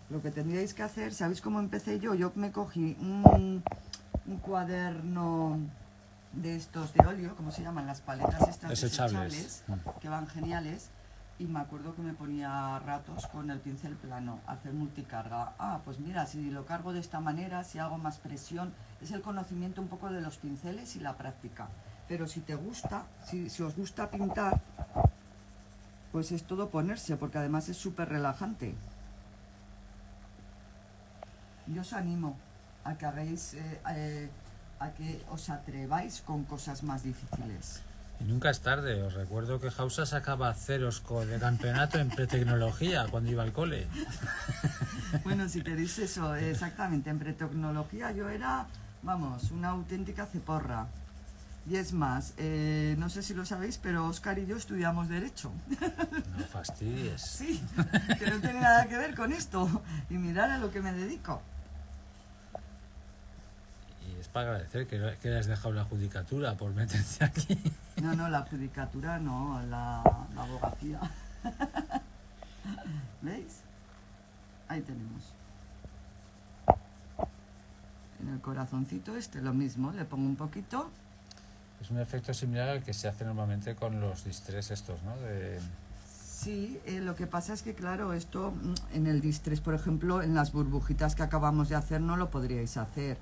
lo que tendríais que hacer, ¿sabéis cómo empecé yo? Yo me cogí un cuaderno de estos de óleo, como se llaman, las paletas estas desechables, mm. que van geniales. Y me acuerdo que me ponía ratos con el pincel plano, hacer multicarga. Ah, pues mira, si lo cargo de esta manera, si hago más presión, es el conocimiento un poco de los pinceles y la práctica. Pero si te gusta, si, os gusta pintar, pues es todo ponerse, porque además es súper relajante. Yo os animo a que hagáis... Eh, eh, a que os atreváis con cosas más difíciles. Y nunca es tarde. Os recuerdo que Hausa sacaba ceros de campeonato en pretecnología cuando iba al cole. (laughs) Bueno, si queréis eso, exactamente. En pretecnología yo era, vamos, una auténtica ceporra. Y es más, eh, no sé si lo sabéis, pero Oscar y yo estudiamos Derecho. No fastidies. (laughs) Sí, que no tiene nada que ver con esto. Y mirar a lo que me dedico para agradecer que, le hayas dejado la judicatura por meterse aquí. No, no, la judicatura no, la, abogacía. (laughs) ¿Veis? Ahí tenemos. En el corazoncito este lo mismo, le pongo un poquito. Es un efecto similar al que se hace normalmente con los distrés estos, ¿no? Sí, eh, lo que pasa es que, claro, esto mm, en el distrés, por ejemplo, en las burbujitas que acabamos de hacer no lo podríais hacer.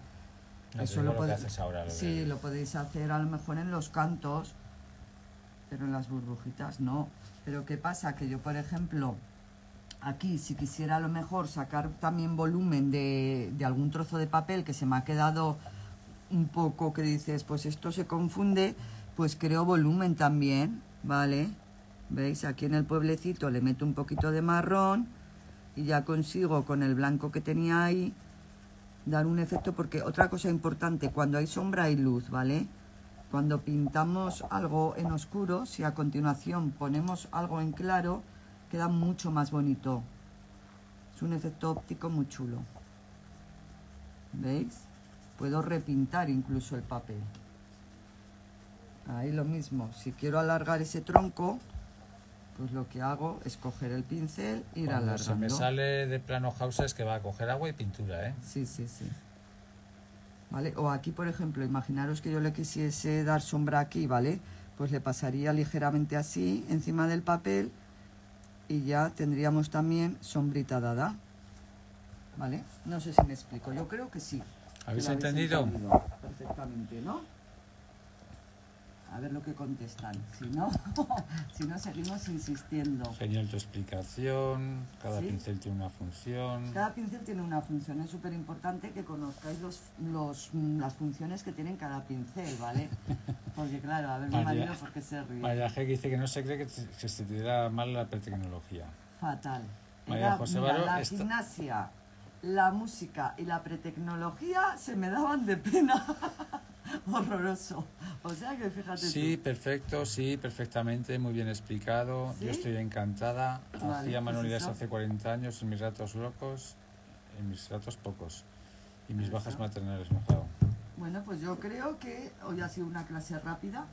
Eso lo, podéis, sí, lo podéis hacer a lo mejor en los cantos, pero en las burbujitas no. Pero ¿qué pasa? Que yo, por ejemplo, aquí si quisiera a lo mejor sacar también volumen de algún trozo de papel que se me ha quedado un poco que dices, pues esto se confunde, pues creo volumen también, ¿vale? ¿Veis? Aquí en el pueblecito le meto un poquito de marrón y ya consigo con el blanco que tenía ahí dar un efecto, porque otra cosa importante, cuando hay sombra hay luz, ¿vale? Cuando pintamos algo en oscuro, si a continuación ponemos algo en claro, queda mucho más bonito. Es un efecto óptico muy chulo. ¿Veis? Puedo repintar incluso el papel. Ahí lo mismo, si quiero alargar ese tronco, pues lo que hago es coger el pincel, ir Cuando alargando. se me sale de plano house es que va a coger agua y pintura, ¿eh? Sí, sí, sí. ¿Vale? O aquí, por ejemplo, imaginaros que yo le quisiese dar sombra aquí, ¿vale? Pues le pasaría ligeramente así encima del papel y ya tendríamos también sombrita dada. ¿Vale? No sé si me explico. Yo creo que sí. habéis entendido? Perfectamente, ¿no? a ver lo que contestan. Si no, (laughs) si no seguimos insistiendo. Genial tu explicación, cada pincel tiene una función. Cada pincel tiene una función, es súper importante que conozcáis los, los, las funciones que tienen cada pincel, ¿vale? (laughs) Porque claro, a ver, María, por qué se ríe. María G. que dice que no se cree que, se te diera mal la pretecnología. Fatal. María José la gimnasia, la música y la pretecnología se me daban de pena. (laughs) (laughs) horroroso. O sea que fíjate. Sí, perfecto, sí, perfectamente, muy bien explicado. Yo estoy encantada. Hacía manualidades hace 40 años en mis ratos locos, en mis ratos pocos y mis bajas maternales, mejor. Bueno, pues yo creo que hoy ha sido una clase rápida.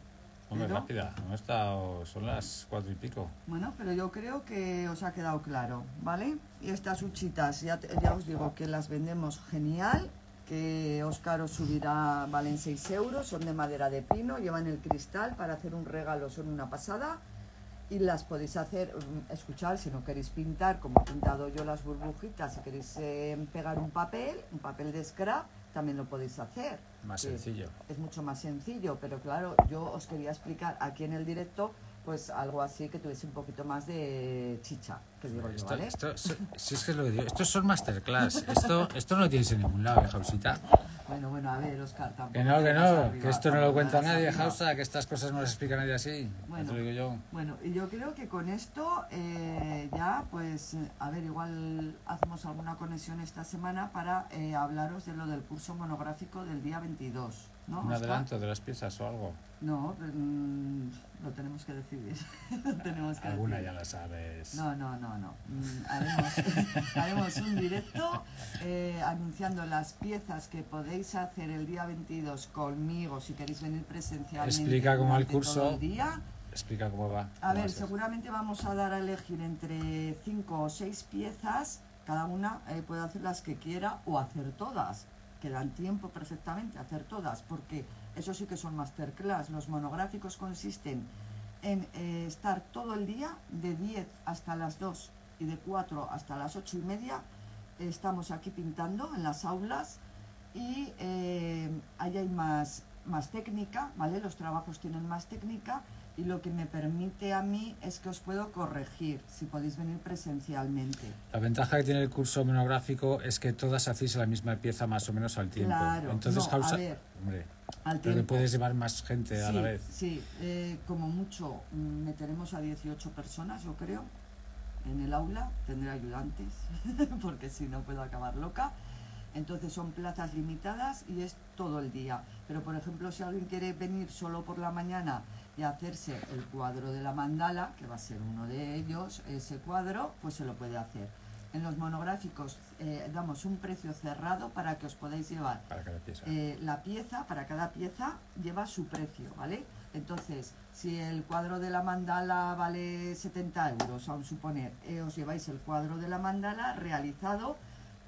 Hombre, rápida, no estado, son las cuatro y pico. Bueno, pero yo creo que os ha quedado claro, ¿vale? Y estas huchitas, ya, ya os digo que las vendemos genial que Óscar os subirá, valen 6 euros, son de madera de pino, llevan el cristal para hacer un regalo, son una pasada y las podéis hacer, mm, escuchar si no queréis pintar, como he pintado yo las burbujitas, si queréis em, pegar un papel, un papel de scrap, también lo podéis hacer. Más sencillo. es mucho más sencillo, pero claro, yo os quería explicar aquí en el directo pues algo así que tuviese un poquito más de chicha, que digo yo, ¿vale? Esto, si es que es lo que digo, estos son masterclass, (laughs) esto, esto no tienes en ningún lado, Jausita. Bueno, bueno, a ver, Oscar, tampoco. Que no, que no, que esto no lo cuenta nadie, Jausa, que estas cosas no las explica nadie así, bueno, lo digo yo. Bueno, y yo creo que con esto eh, ya, pues, eh, a ver, igual hacemos alguna conexión esta semana para eh, hablaros de lo del curso monográfico del día 22. Un adelanto de las piezas o algo. No, mm, lo tenemos que decidir. (laughs) tenemos Alguna ya la sabes. No, no, no, no. Mm, haremos, (laughs) haremos un directo eh, anunciando las piezas que podéis hacer el día 22 conmigo si queréis venir presencialmente. Explica cómo el curso. día. Explica cómo va. A ver, seguramente vamos a dar a elegir entre 5 o 6 piezas. Cada una eh, puede hacer las que quiera o hacer todas que dan tiempo perfectamente a hacer todas, porque eso sí que son masterclass. Los monográficos consisten en eh, estar todo el día de 10 hasta las 2 y de 4 hasta las 8 y media. estamos aquí pintando en las aulas y eh, ahí hay más, más técnica, ¿vale? Los trabajos tienen más técnica y lo que me permite a mí es que os puedo corregir si podéis venir presencialmente. La ventaja que tiene el curso monográfico es que todas hacéis la misma pieza más o menos al tiempo. entonces no, causa... puedes llevar más gente a la vez. Sí, eh, como mucho mm, meteremos a 18 personas, yo creo, en el aula, tendré ayudantes, (laughs) porque si no puedo acabar loca. Entonces son plazas limitadas y es todo el día. Pero por ejemplo, si alguien quiere venir solo por la mañana de hacerse el cuadro de la mandala, que va a ser uno de ellos, ese cuadro, pues se lo puede hacer. En los monográficos eh, damos un precio cerrado para que os podáis llevar. Eh, la pieza, para cada pieza, lleva su precio, ¿vale? Entonces, si el cuadro de la mandala vale 70 euros, aún suponer, eh, os lleváis el cuadro de la mandala realizado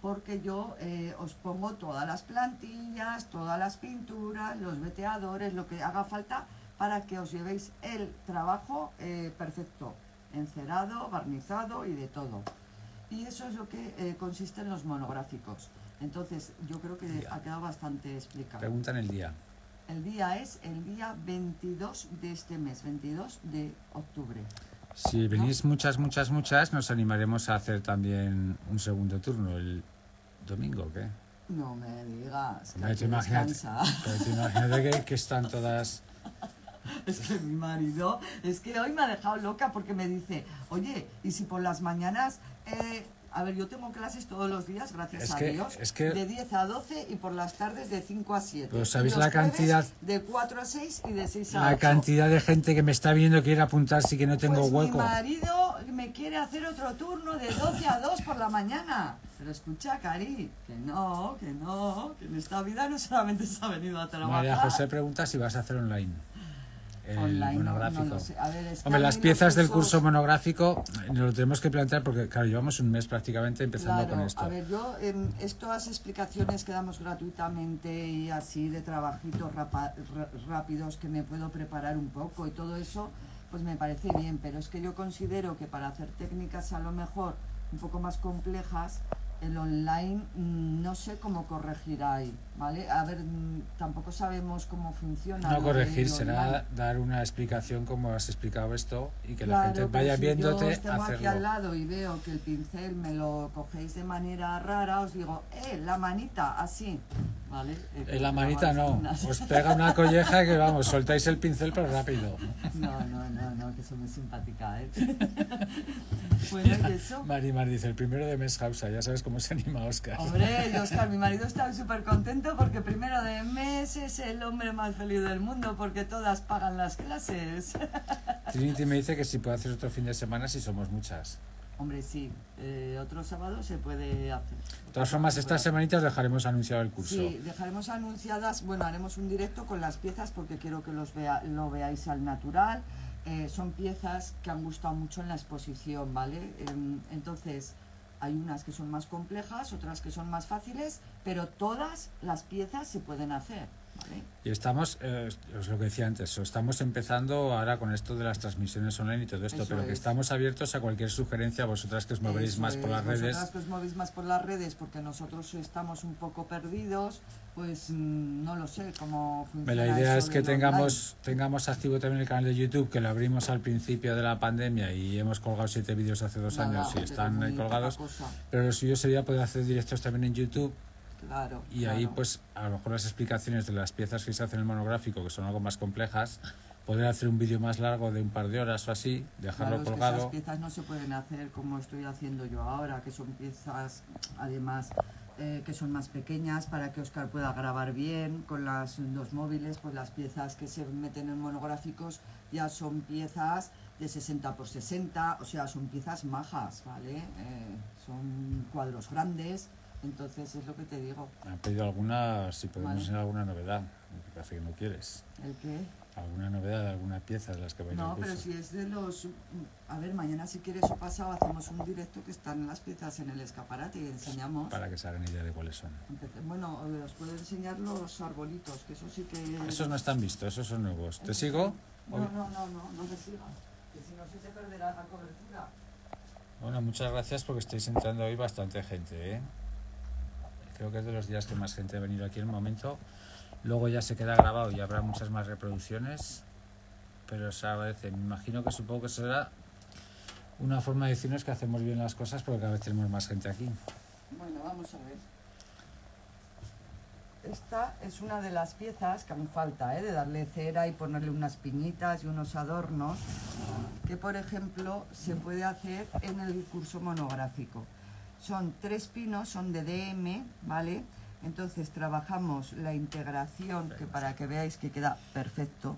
porque yo os pongo todas las plantillas, todas las pinturas, los veteadores, lo que haga falta para que os llevéis el trabajo eh, perfecto, encerado, barnizado y de todo. Y eso es lo que eh, consiste en los monográficos. Entonces, yo creo que ha quedado bastante explicado. Preguntan el día. El día es el día 22 de este mes, 22 de octubre. Si venís muchas, muchas, muchas, nos animaremos a hacer también un segundo turno el domingo, ¿qué? No me digas. Que que, que están todas (laughs) es que mi marido, es que hoy me ha dejado loca porque me dice, oye, ¿y si por las mañanas... Eh, a ver, yo tengo clases todos los días, gracias a que, Dios, de 10 a 12 y por las tardes de 5 a 7. sabéis la cantidad... De 4 a 6 y de 6 a 8. La cantidad de gente que me está viendo quiere apuntar, sí que no tengo pues hueco. Mi marido me quiere hacer otro turno de 12 a 2 por la mañana. Pero escucha, Cari, que no, que no, que en esta vida no solamente se ha venido a trabajar. María José pregunta si vas a hacer online las piezas del curso monográfico eh, nos lo tenemos que plantear porque, claro, llevamos un mes prácticamente empezando con esto. A ver, yo, em, estas explicaciones que damos gratuitamente y así de trabajitos rápidos que me puedo preparar un poco y todo eso, pues me parece bien, pero es que yo considero que para hacer técnicas a lo mejor un poco más complejas, el online mm, no sé cómo corregir ahí, ¿vale? A ver, mm, tampoco sabemos cómo funciona. No corregir será dar una explicación como has explicado esto y que la gente vaya si viéndote yo tengo aquí al lado y veo que el pincel me lo cogéis de manera rara, os digo, eh, la manita, así, ¿vale? Eh, eh, pues la manita no, (laughs) os pega una colleja que vamos, soltáis el pincel pero rápido. (laughs) No, no, no, no, que soy muy simpática, ¿eh? (laughs) bueno, y eso. Marimar dice, el primero de mes Hausa ya sabes cómo cómo se anima Oscar. Hombre, Oscar, mi marido está súper contento porque primero de mes es el hombre más feliz del mundo porque todas pagan las clases. (laughs) Trinity me dice que si puede hacer otro fin de semana si somos muchas. Hombre, sí, eh, otro sábado se puede hacer. De todas formas, estas semanitas dejaremos anunciado el curso. Sí, dejaremos anunciadas, bueno, haremos un directo con las piezas porque quiero que los vea, lo veáis al natural. Eh, son piezas que han gustado mucho en la exposición, ¿vale? Em, entonces, hay unas que son más complejas, otras que son más fáciles, pero todas las piezas se pueden hacer. Y estamos, eh, es lo que decía antes, estamos empezando ahora con esto de las transmisiones online y todo esto, pero que estamos abiertos a cualquier sugerencia, vosotras que os movéis más por las redes. que os movéis más por las redes, porque nosotros estamos un poco perdidos, pues mm, no lo sé cómo funciona. La idea es que tengamos, tengamos activo también el canal de YouTube, que lo abrimos al principio de la pandemia y hemos colgado siete vídeos hace dos años y están colgados. Pero lo suyo sería poder hacer directos también en YouTube Claro, y ahí, pues, a lo mejor las explicaciones de las piezas que se hacen en el monográfico, que son algo más complejas, poder hacer un vídeo más largo de un par de horas o así, dejarlo colgado. Las esas piezas no se pueden hacer como estoy haciendo yo ahora, que son piezas, además, eh, que son más pequeñas para que Oscar pueda grabar bien con las, los móviles, pues las piezas que se meten en monográficos ya son piezas de 60 por 60, o sea, son piezas majas, ¿vale? Eh, son cuadros grandes entonces es lo que te digo. han pedido alguna, si podemos enseñar alguna novedad, que parece que no quieres. ¿El qué? ¿Alguna novedad, alguna pieza de las que No, pero si es de los... A ver, mañana si quieres o pasado hacemos un directo que están las piezas en el escaparate y enseñamos... Para que se hagan idea de cuáles son. Bueno, os puedo enseñar los arbolitos, que eso sí que... Esos no están vistos, esos son nuevos. ¿Te sigo? No, no, no, no, no te sigas, que si no se perderá la cobertura. Bueno, muchas gracias porque estáis entrando hoy bastante gente, ¿eh? Creo que es de los días que más gente ha venido aquí en el momento. Luego ya se queda grabado y habrá muchas más reproducciones. Pero sabes, Me imagino que supongo que será una forma de decirnos que hacemos bien las cosas porque cada vez tenemos más gente aquí. Bueno, vamos a ver. Esta es una de las piezas que a mí falta, ¿eh? de darle cera y ponerle unas piñitas y unos adornos, que por ejemplo se puede hacer en el curso monográfico. Son tres pinos, son de DM, ¿vale? Entonces trabajamos la integración, que para que veáis que queda perfecto.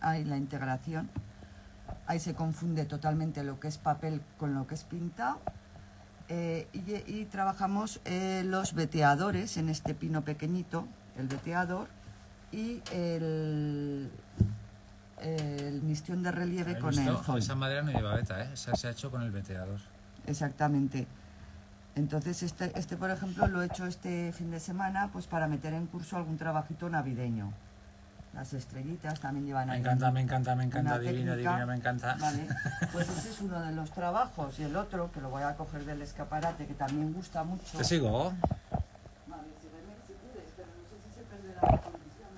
Ahí la integración. Ahí se confunde totalmente lo que es papel con lo que es pintado. Eh, y, trabajamos eh, los veteadores en este pino pequeñito, el veteador y el, el mistión de relieve con el Esa madera no lleva beta ¿eh? se ha hecho con el veteador. Exactamente. Entonces, este, este, por ejemplo, lo he hecho este fin de semana pues para meter en curso algún trabajito navideño. Las estrellitas también llevan... Me encanta, me encanta, me encanta, divina, divina, me encanta. Vale, (laughs) pues ese es uno de los trabajos. Y el otro, que lo voy a coger del escaparate, que también gusta mucho... ¿Te sigo? si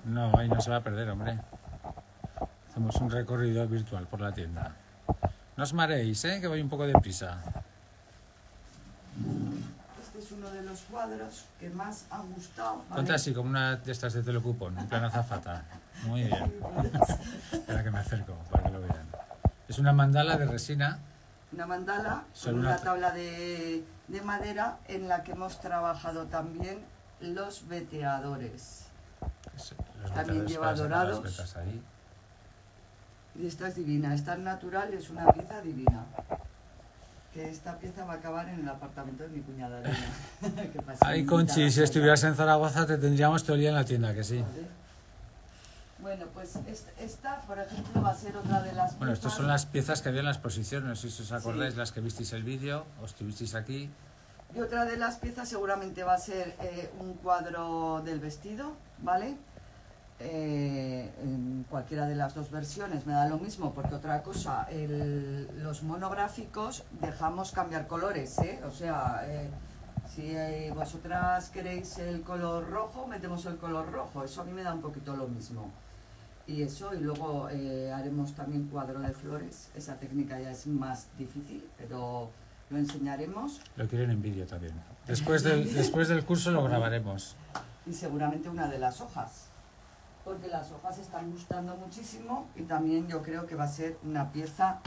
No, ahí no se va a perder, hombre. Hacemos un recorrido virtual por la tienda. No os mareéis, ¿eh? que voy un poco de prisa de los cuadros que más ha gustado. Conta así, como una de estas de Telecupón, en plan azafata. Muy bien. Espera que me acerco para que lo vean. Es una mandala de resina. Una mandala con una, tabla de, de madera en la que hemos trabajado también los veteadores. también lleva dorados. Y esta es divina, esta es natural, es una pieza divina que esta pieza va a acabar en el apartamento de mi cuñada. (laughs) Ay, Conchi, si estuvieras en Zaragoza te tendríamos teoría en la tienda, que sí. Bueno, pues esta, por ejemplo, va a ser otra de las... Bueno, estas son las piezas que había en la exposición, no sé si os acordáis, las que visteis el vídeo, o estuvisteis aquí. Y otra de las piezas seguramente va a ser eh, un cuadro del vestido, ¿vale? Eh, en cualquiera de las dos versiones, me da lo mismo, porque otra cosa, el, los monográficos dejamos cambiar colores, ¿eh? o sea, eh, si vosotras queréis el color rojo, metemos el color rojo, eso a mí me da un poquito lo mismo. Y eso, y luego haremos también cuadro de flores, esa técnica ya es más difícil, pero lo enseñaremos. Lo quieren en vídeo también. Después después del curso lo grabaremos. Y seguramente una de las hojas porque las hojas están gustando muchísimo y también yo creo que va a ser una pieza...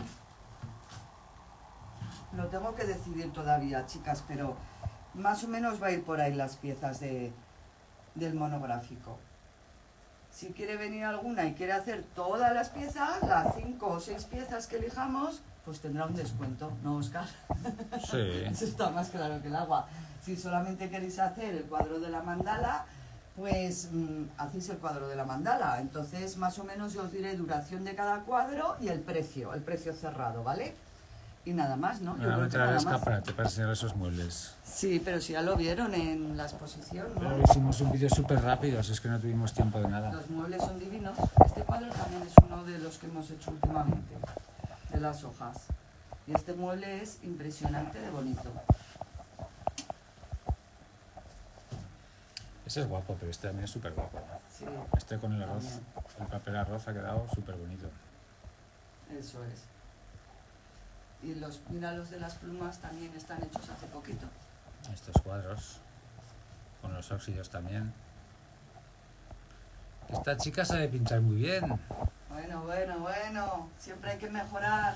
Lo tengo que decidir todavía, chicas, pero más o menos va a ir por ahí las piezas de, del monográfico. Si quiere venir alguna y quiere hacer todas las piezas, las cinco o seis piezas que elijamos, pues tendrá un descuento, ¿no, Oscar? Sí. (laughs) Eso está más claro que el agua. Si solamente queréis hacer el cuadro de la mandala, pues mm, hacéis el cuadro de la mandala. Entonces, más o menos yo os diré duración de cada cuadro y el precio, el precio cerrado, ¿vale? Y nada más, ¿no? Yo no, creo escaparate para enseñar esos muebles. Sí, pero si ya lo vieron en la exposición, ¿no? hicimos un vídeo súper rápido, así es que no tuvimos tiempo de nada. Los muebles son divinos. Este cuadro también es uno de los que hemos hecho últimamente, de las hojas. Y este mueble es impresionante de bonito. Ese es guapo, pero este también es súper guapo. Este con el arroz, el papel arroz ha quedado súper bonito. Eso es. Y los, mira, de las plumas también están hechos hace poquito. Estos cuadros, con los óxidos también. Esta chica sabe pintar muy bien. Bueno, bueno, bueno, siempre hay que mejorar.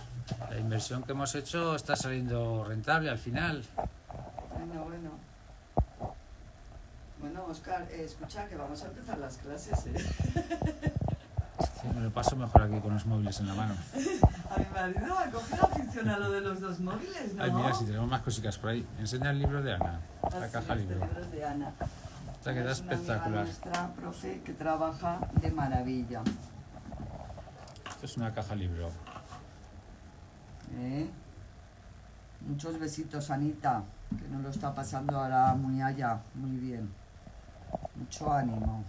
La inversión que hemos hecho está saliendo rentable al final. Bueno, bueno. No, Oscar, eh, escucha que vamos a empezar las clases. ¿eh? me lo paso mejor aquí con los móviles en la mano. (laughs) A mi marido ha cogido afición a lo de los dos móviles, ¿no? Ay, mira, si tenemos más cositas por ahí. Enseña el libro de Ana, la caja libro. de Ana. Esta queda es espectacular. nuestra profe que trabaja de maravilla. Esto es una caja libro. ¿Eh? Muchos besitos, Anita, que no lo está pasando ahora muy allá, muy bien mucho ánimo.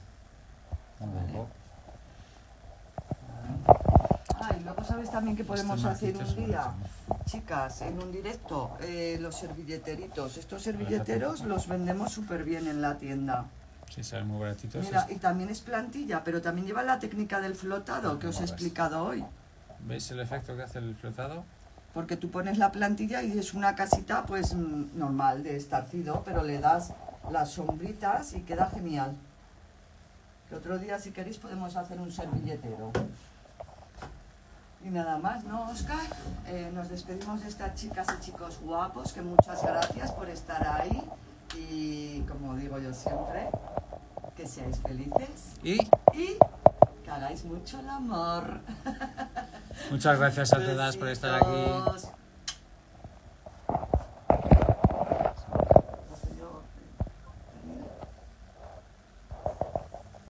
Ay y luego sabes también que podemos este hacer un día, chicas, en un directo, eh, los servilleteritos. Estos servilleteros los vendemos súper bien en la tienda. Sí, salen muy baratitos. Mira, y también es plantilla, pero también lleva la técnica del flotado que os he pues, explicado hoy. ¿Veis el efecto que hace el flotado? Porque tú pones la plantilla y es una casita pues mm, normal de estarcido, pero le das las sombritas y queda genial. Que otro día, si queréis, podemos hacer un servilletero. Y nada más, ¿no, Oscar? Eh, nos despedimos de estas chicas y chicos guapos, que muchas gracias por estar ahí. Y como digo yo siempre, que seáis felices. Y, y que hagáis mucho el amor. Muchas gracias a todas por estar aquí.